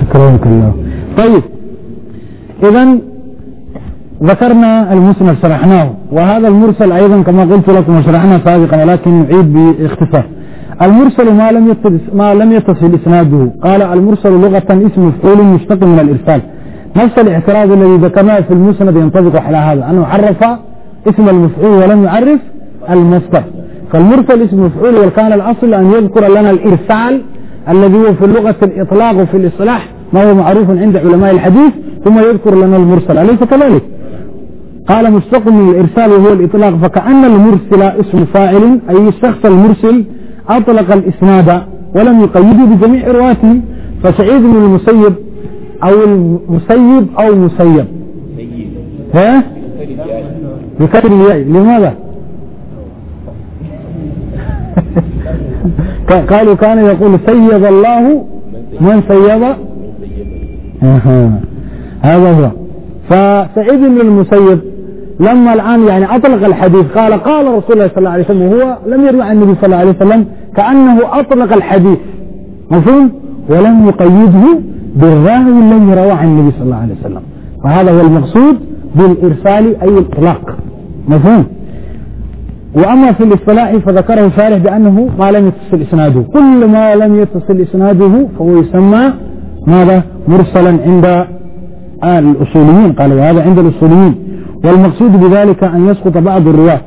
شكرك الله طيب اذا ذكرنا المسند شرحناه وهذا المرسل ايضا كما قلت لكم وشرحنا سابقا ولكن نعيد باختصار المرسل ما لم يتصل ما لم يتصل اسناده قال المرسل لغة اسم مفعول مشتق من الارسال نفس الاعتراض الذي ذكرناه في المسند ينطبق على هذا انه عرف اسم المفعول ولم يعرف المصدر فالمرسل اسم مفعول وكان الاصل ان يذكر لنا الارسال الذي هو في اللغة الاطلاق وفي الاصلاح ما هو معروف عند علماء الحديث ثم يذكر لنا المرسل أليس كذلك قال مشتق من الإرسال وهو الإطلاق فكأن المرسل اسم فاعل أي الشخص المرسل أطلق الإسناد ولم يقيده بجميع رواته فسعيد بن المسيب أو المسيب أو مسيب ها؟ بكثر الياء لماذا؟ قالوا كان يقول سيب الله من سيب هذا هو فسعيد بن المسيب لما الآن يعني أطلق الحديث قال قال رسول الله صلى الله عليه وسلم وهو لم يروي عن النبي صلى الله عليه وسلم كأنه أطلق الحديث مفهوم ولم يقيده بالراوي الذي روى عن النبي صلى الله عليه وسلم وهذا هو المقصود بالإرسال أي الإطلاق مفهوم وأما في الاصطلاح فذكره شارح بأنه ما لم يتصل إسناده كل ما لم يتصل إسناده فهو يسمى ماذا مرسلا عند الأصوليين قالوا هذا عند الأصوليين والمقصود بذلك أن يسقط بعض الرواة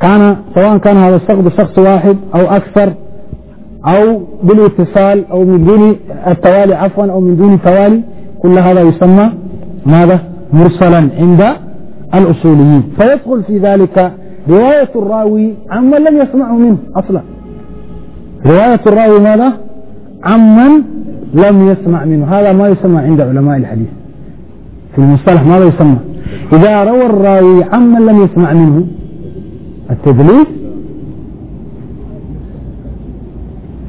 كان سواء كان هذا السقط شخص واحد أو أكثر أو بالاتصال أو من دون التوالي عفوا أو من دون توالي كل هذا يسمى ماذا مرسلا عند الأصوليين فيدخل في ذلك رواية الراوي عمن لم يسمعه منه أصلا رواية الراوي ماذا عمن لم يسمع منه هذا ما يسمى عند علماء الحديث في المصطلح ماذا يسمى إذا روى الراوي عمن لم يسمع منه التدليس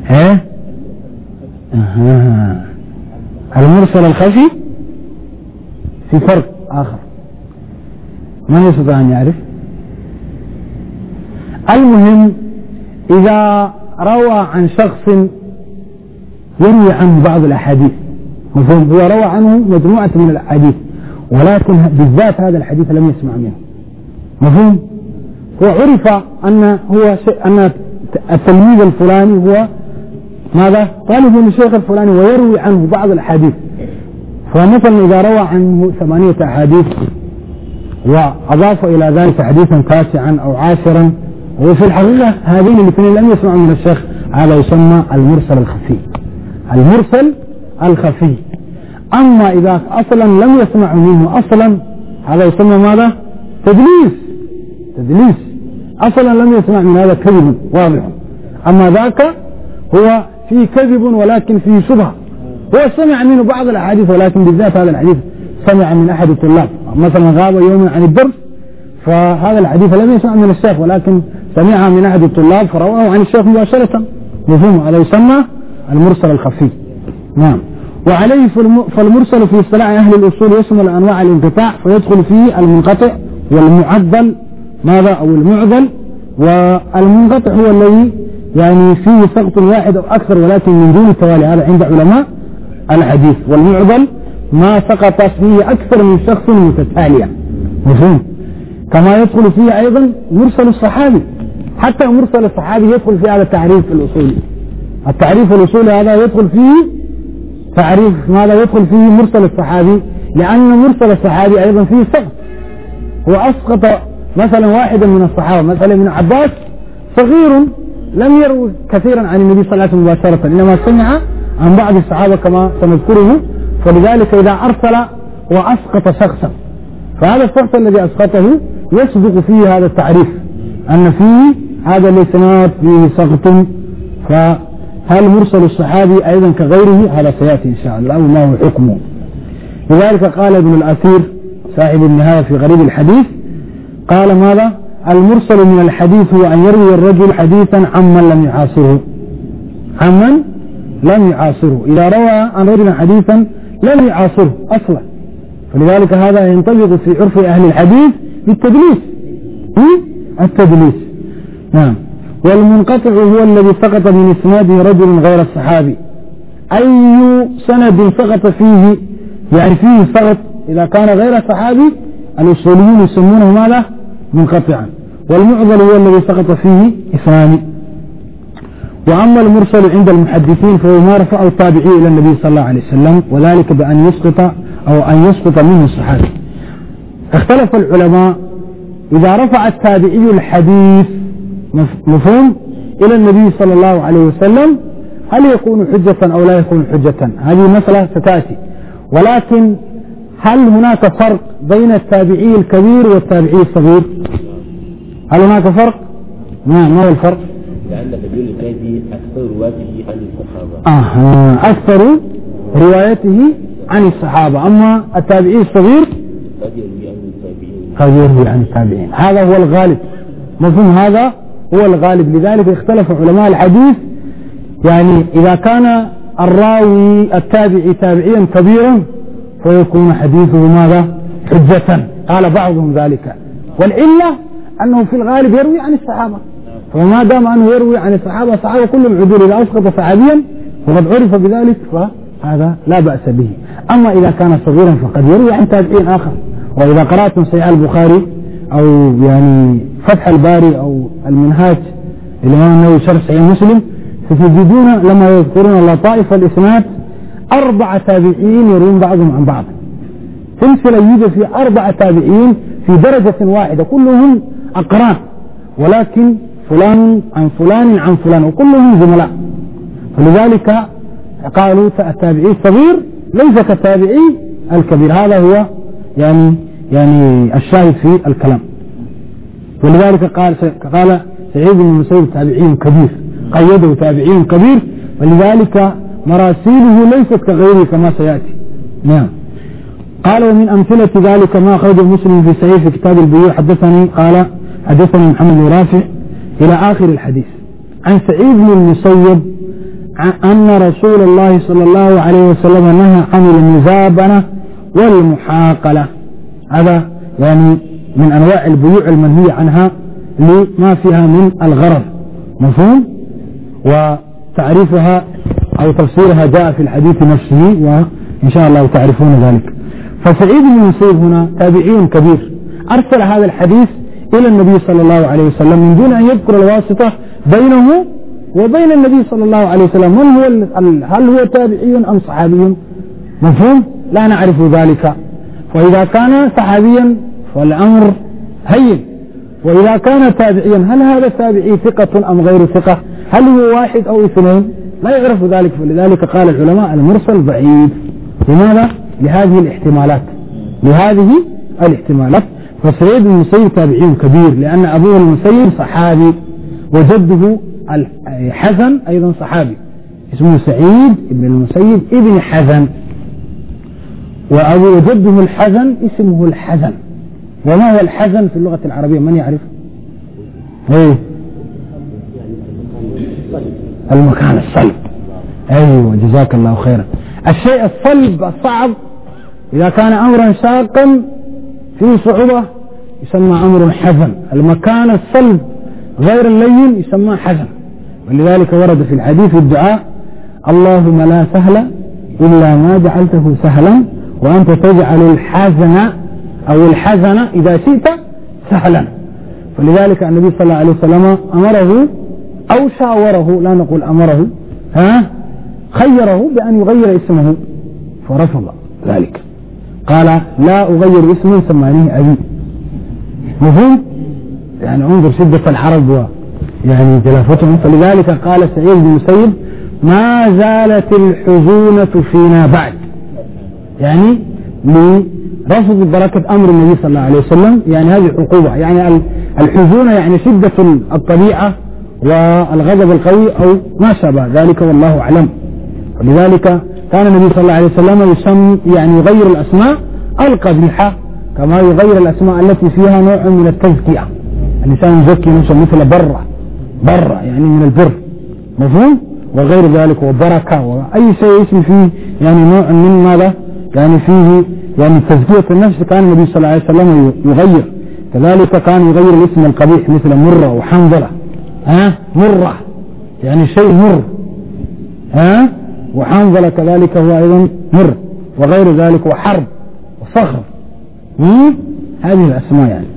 ها أه. المرسل الخفي في فرق آخر ما يستطيع أن يعرف المهم إذا روى عن شخص يروي عنه بعض الأحاديث مفهوم هو روى عنه مجموعة من الأحاديث ولكن بالذات هذا الحديث لم يسمع منه مفهوم وعرف أن هو أن التلميذ الفلاني هو ماذا طالب من الشيخ الفلاني ويروي عنه بعض الأحاديث فمثلا إذا روى عنه ثمانية أحاديث وأضاف إلى ذلك حديثا تاسعا أو عاشرا وفي الحقيقة هذين الاثنين لم يسمعوا من الشيخ هذا يسمى المرسل الخفي المرسل الخفي أما إذا أصلا لم يسمع منه أصلا هذا يسمى ماذا تدليس تدليس أصلا لم يسمع من هذا كذب واضح أما ذاك هو في كذب ولكن في شبهة هو سمع منه بعض الأحاديث ولكن بالذات هذا الحديث سمع من أحد الطلاب مثلا غاب يوما عن الدرس فهذا الحديث لم يسمع من الشيخ ولكن سمعها من أحد الطلاب فرواه عن الشيخ مباشرة مفهوم هذا يسمى المرسل الخفي نعم وعليه فالمرسل في اصطلاح أهل الأصول يشمل أنواع الانقطاع فيدخل فيه المنقطع والمعدل ماذا أو المعدل والمنقطع هو الذي يعني فيه سقط واحد أو أكثر ولكن من دون التوالي هذا عند علماء الحديث والمعدل ما سقط فيه أكثر من شخص متتالية مفهوم كما يدخل فيه أيضا مرسل الصحابي حتى مرسل الصحابي يدخل في هذا التعريف الأصولي التعريف الأصولي هذا يدخل فيه تعريف ماذا يدخل فيه مرسل الصحابي لأن مرسل الصحابي أيضا فيه سقط هو أسقط مثلا واحدا من الصحابة مثلا ابن عباس صغير لم يرو كثيرا عن النبي صلى الله عليه وسلم مباشرة إنما سمع عن بعض الصحابة كما سنذكره فلذلك إذا أرسل وأسقط شخصا فهذا الشخص الذي أسقطه يصدق فيه هذا التعريف أن فيه هذا الإسناد فيه سقط ف هل مرسل الصحابي أيضا كغيره على سيأتي إن شاء الله وما هو حكمه لذلك قال ابن الأثير صاحب النهاية في غريب الحديث قال ماذا المرسل من الحديث هو أن يروي الرجل حديثا عمن لم يعاصره عمن لم يعاصره إذا روى أن رجل حديثا لم يعاصره أصلا فلذلك هذا ينطبق في عرف أهل الحديث بالتدليس التدليس نعم والمنقطع هو الذي سقط من اسناد رجل غير الصحابي أي سند سقط فيه يعني فيه سقط إذا كان غير صحابي الأصوليون يسمونه ماذا منقطعا والمعضل هو الذي سقط فيه اسناد وأما المرسل عند المحدثين فهو ما رفعه التابعي إلى النبي صلى الله عليه وسلم وذلك بأن يسقط أو أن يسقط منه الصحابي اختلف العلماء إذا رفع التابعي الحديث مفهوم إلى النبي صلى الله عليه وسلم هل يكون حجة أو لا يكون حجة هذه مسألة ستأتي ولكن هل هناك فرق بين التابعي الكبير والتابعي الصغير هل هناك فرق ما ما هو الفرق لأن النبي الكبير أكثر روايته عن الصحابة آه، أكثر روايته عن الصحابة أما التابعي الصغير قد يروي عن التابعين قد يروي عن التابعين هذا هو الغالب مفهوم هذا هو الغالب لذلك اختلف علماء الحديث يعني إذا كان الراوي التابعي تابعيا كبيرا فيكون حديثه ماذا حجة قال بعضهم ذلك والعلة أنه في الغالب يروي عن الصحابة فما دام أنه يروي عن الصحابة صحابة كل العدول إذا أسقط صحابيا وقد عرف بذلك فهذا لا بأس به أما إذا كان صغيرا فقد يروي عن تابعين آخر وإذا قرأتم صحيح البخاري أو يعني فتح الباري أو المنهاج الإمام النووي شرح صحيح مسلم ستجدون لما يذكرون لطائف الإسناد أربع تابعين يروون بعضهم عن بعض سلسلة يوجد في أربع تابعين في درجة واحدة كلهم أقران ولكن فلان عن فلان عن فلان وكلهم زملاء فلذلك قالوا التابعي الصغير ليس كالتابعي الكبير هذا هو يعني يعني الشاهد في الكلام ولذلك قال قال سعيد بن المسيب تابعي كبير قيده تابعي كبير ولذلك مراسيله ليست كغيره كما سيأتي نعم قال ومن أمثلة ذلك ما أخرجه مسلم في صحيح في كتاب البيوع حدثني قال حدثني محمد بن رافع إلى آخر الحديث عن سعيد بن المسيب أن رسول الله صلى الله عليه وسلم نهى عن المزابنة والمحاقلة هذا يعني من أنواع البيوع المنهي عنها لما فيها من الغرض مفهوم وتعريفها أو تفسيرها جاء في الحديث نفسه وإن شاء الله تعرفون ذلك فسعيد بن المسيب هنا تابعي كبير أرسل هذا الحديث إلى النبي صلى الله عليه وسلم من دون أن يذكر الواسطة بينه وبين النبي صلى الله عليه وسلم من هو هل هو تابعي أم صحابي مفهوم لا نعرف ذلك وإذا كان صحابيا فالأمر هين وإذا كان تابعيا هل هذا التابعي ثقة أم غير ثقة هل هو واحد أو اثنين لا يعرف ذلك فلذلك قال العلماء المرسل بعيد لماذا؟ لهذه الاحتمالات لهذه الاحتمالات فسعيد بن المسيب تابعي كبير لأن أبوه المسيب صحابي وجده الحسن أيضا صحابي اسمه سعيد بن المسيب ابن حزن وأبو جده الحزن اسمه الحزن وما هو الحزن في اللغة العربية من يعرف ايه المكان الصلب ايوه جزاك الله خيرا الشيء الصلب الصعب اذا كان امرا شاقا في صعوبة يسمى امر حزن المكان الصلب غير اللين يسمى حزن ولذلك ورد في الحديث الدعاء اللهم لا سهل إلا ما جعلته سهلا وأنت تجعل الحزن أو الحزن إذا شئت سهلا فلذلك النبي صلى الله عليه وسلم أمره أو شاوره لا نقول أمره ها خيره بأن يغير اسمه فرفض ذلك قال لا أغير اسمي سمانيه أبي مفهوم يعني انظر شدة الحرج يعني جلافتهم فلذلك قال سعيد بن المسيب ما زالت الحزونة فينا بعد يعني لرفض بركة أمر النبي صلى الله عليه وسلم يعني هذه عقوبة يعني الحزون يعني شدة الطبيعة والغضب القوي أو ما شابه ذلك والله أعلم ولذلك كان النبي صلى الله عليه وسلم يسمي يعني يغير الأسماء القبيحة كما يغير الأسماء التي فيها نوع من التزكية الإنسان يزكي نفسه مثل برة برة يعني من البر مفهوم وغير ذلك وبركة وأي شيء اسم فيه يعني نوع من ماذا يعني فيه يعني تزكية النفس كان النبي صلى الله عليه وسلم يغير كذلك كان يغير الاسم القبيح مثل مرة وحنظلة ها مرة يعني شيء مر ها وحنظلة كذلك هو أيضا مر وغير ذلك وحرب وصخر هذه الأسماء يعني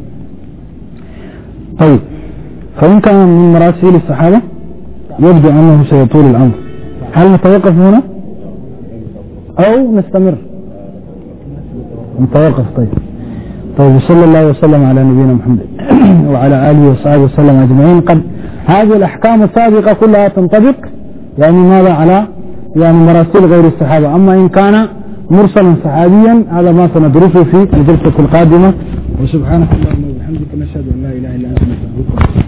طيب فإن كان من مراسيل الصحابة يبدو أنه سيطول الأمر هل نتوقف هنا أو نستمر متوقف طيب طيب وصلى الله وسلم على نبينا محمد وعلى آله وصحبه وسلم أجمعين قد هذه الأحكام السابقة كلها تنطبق يعني ماذا على يعني مراسل غير الصحابة أما إن كان مرسلا صحابيا هذا ما سندرسه في الجلسة القادمة وسبحانك اللهم وبحمدك نشهد أن لا إله إلا أنت نستغفرك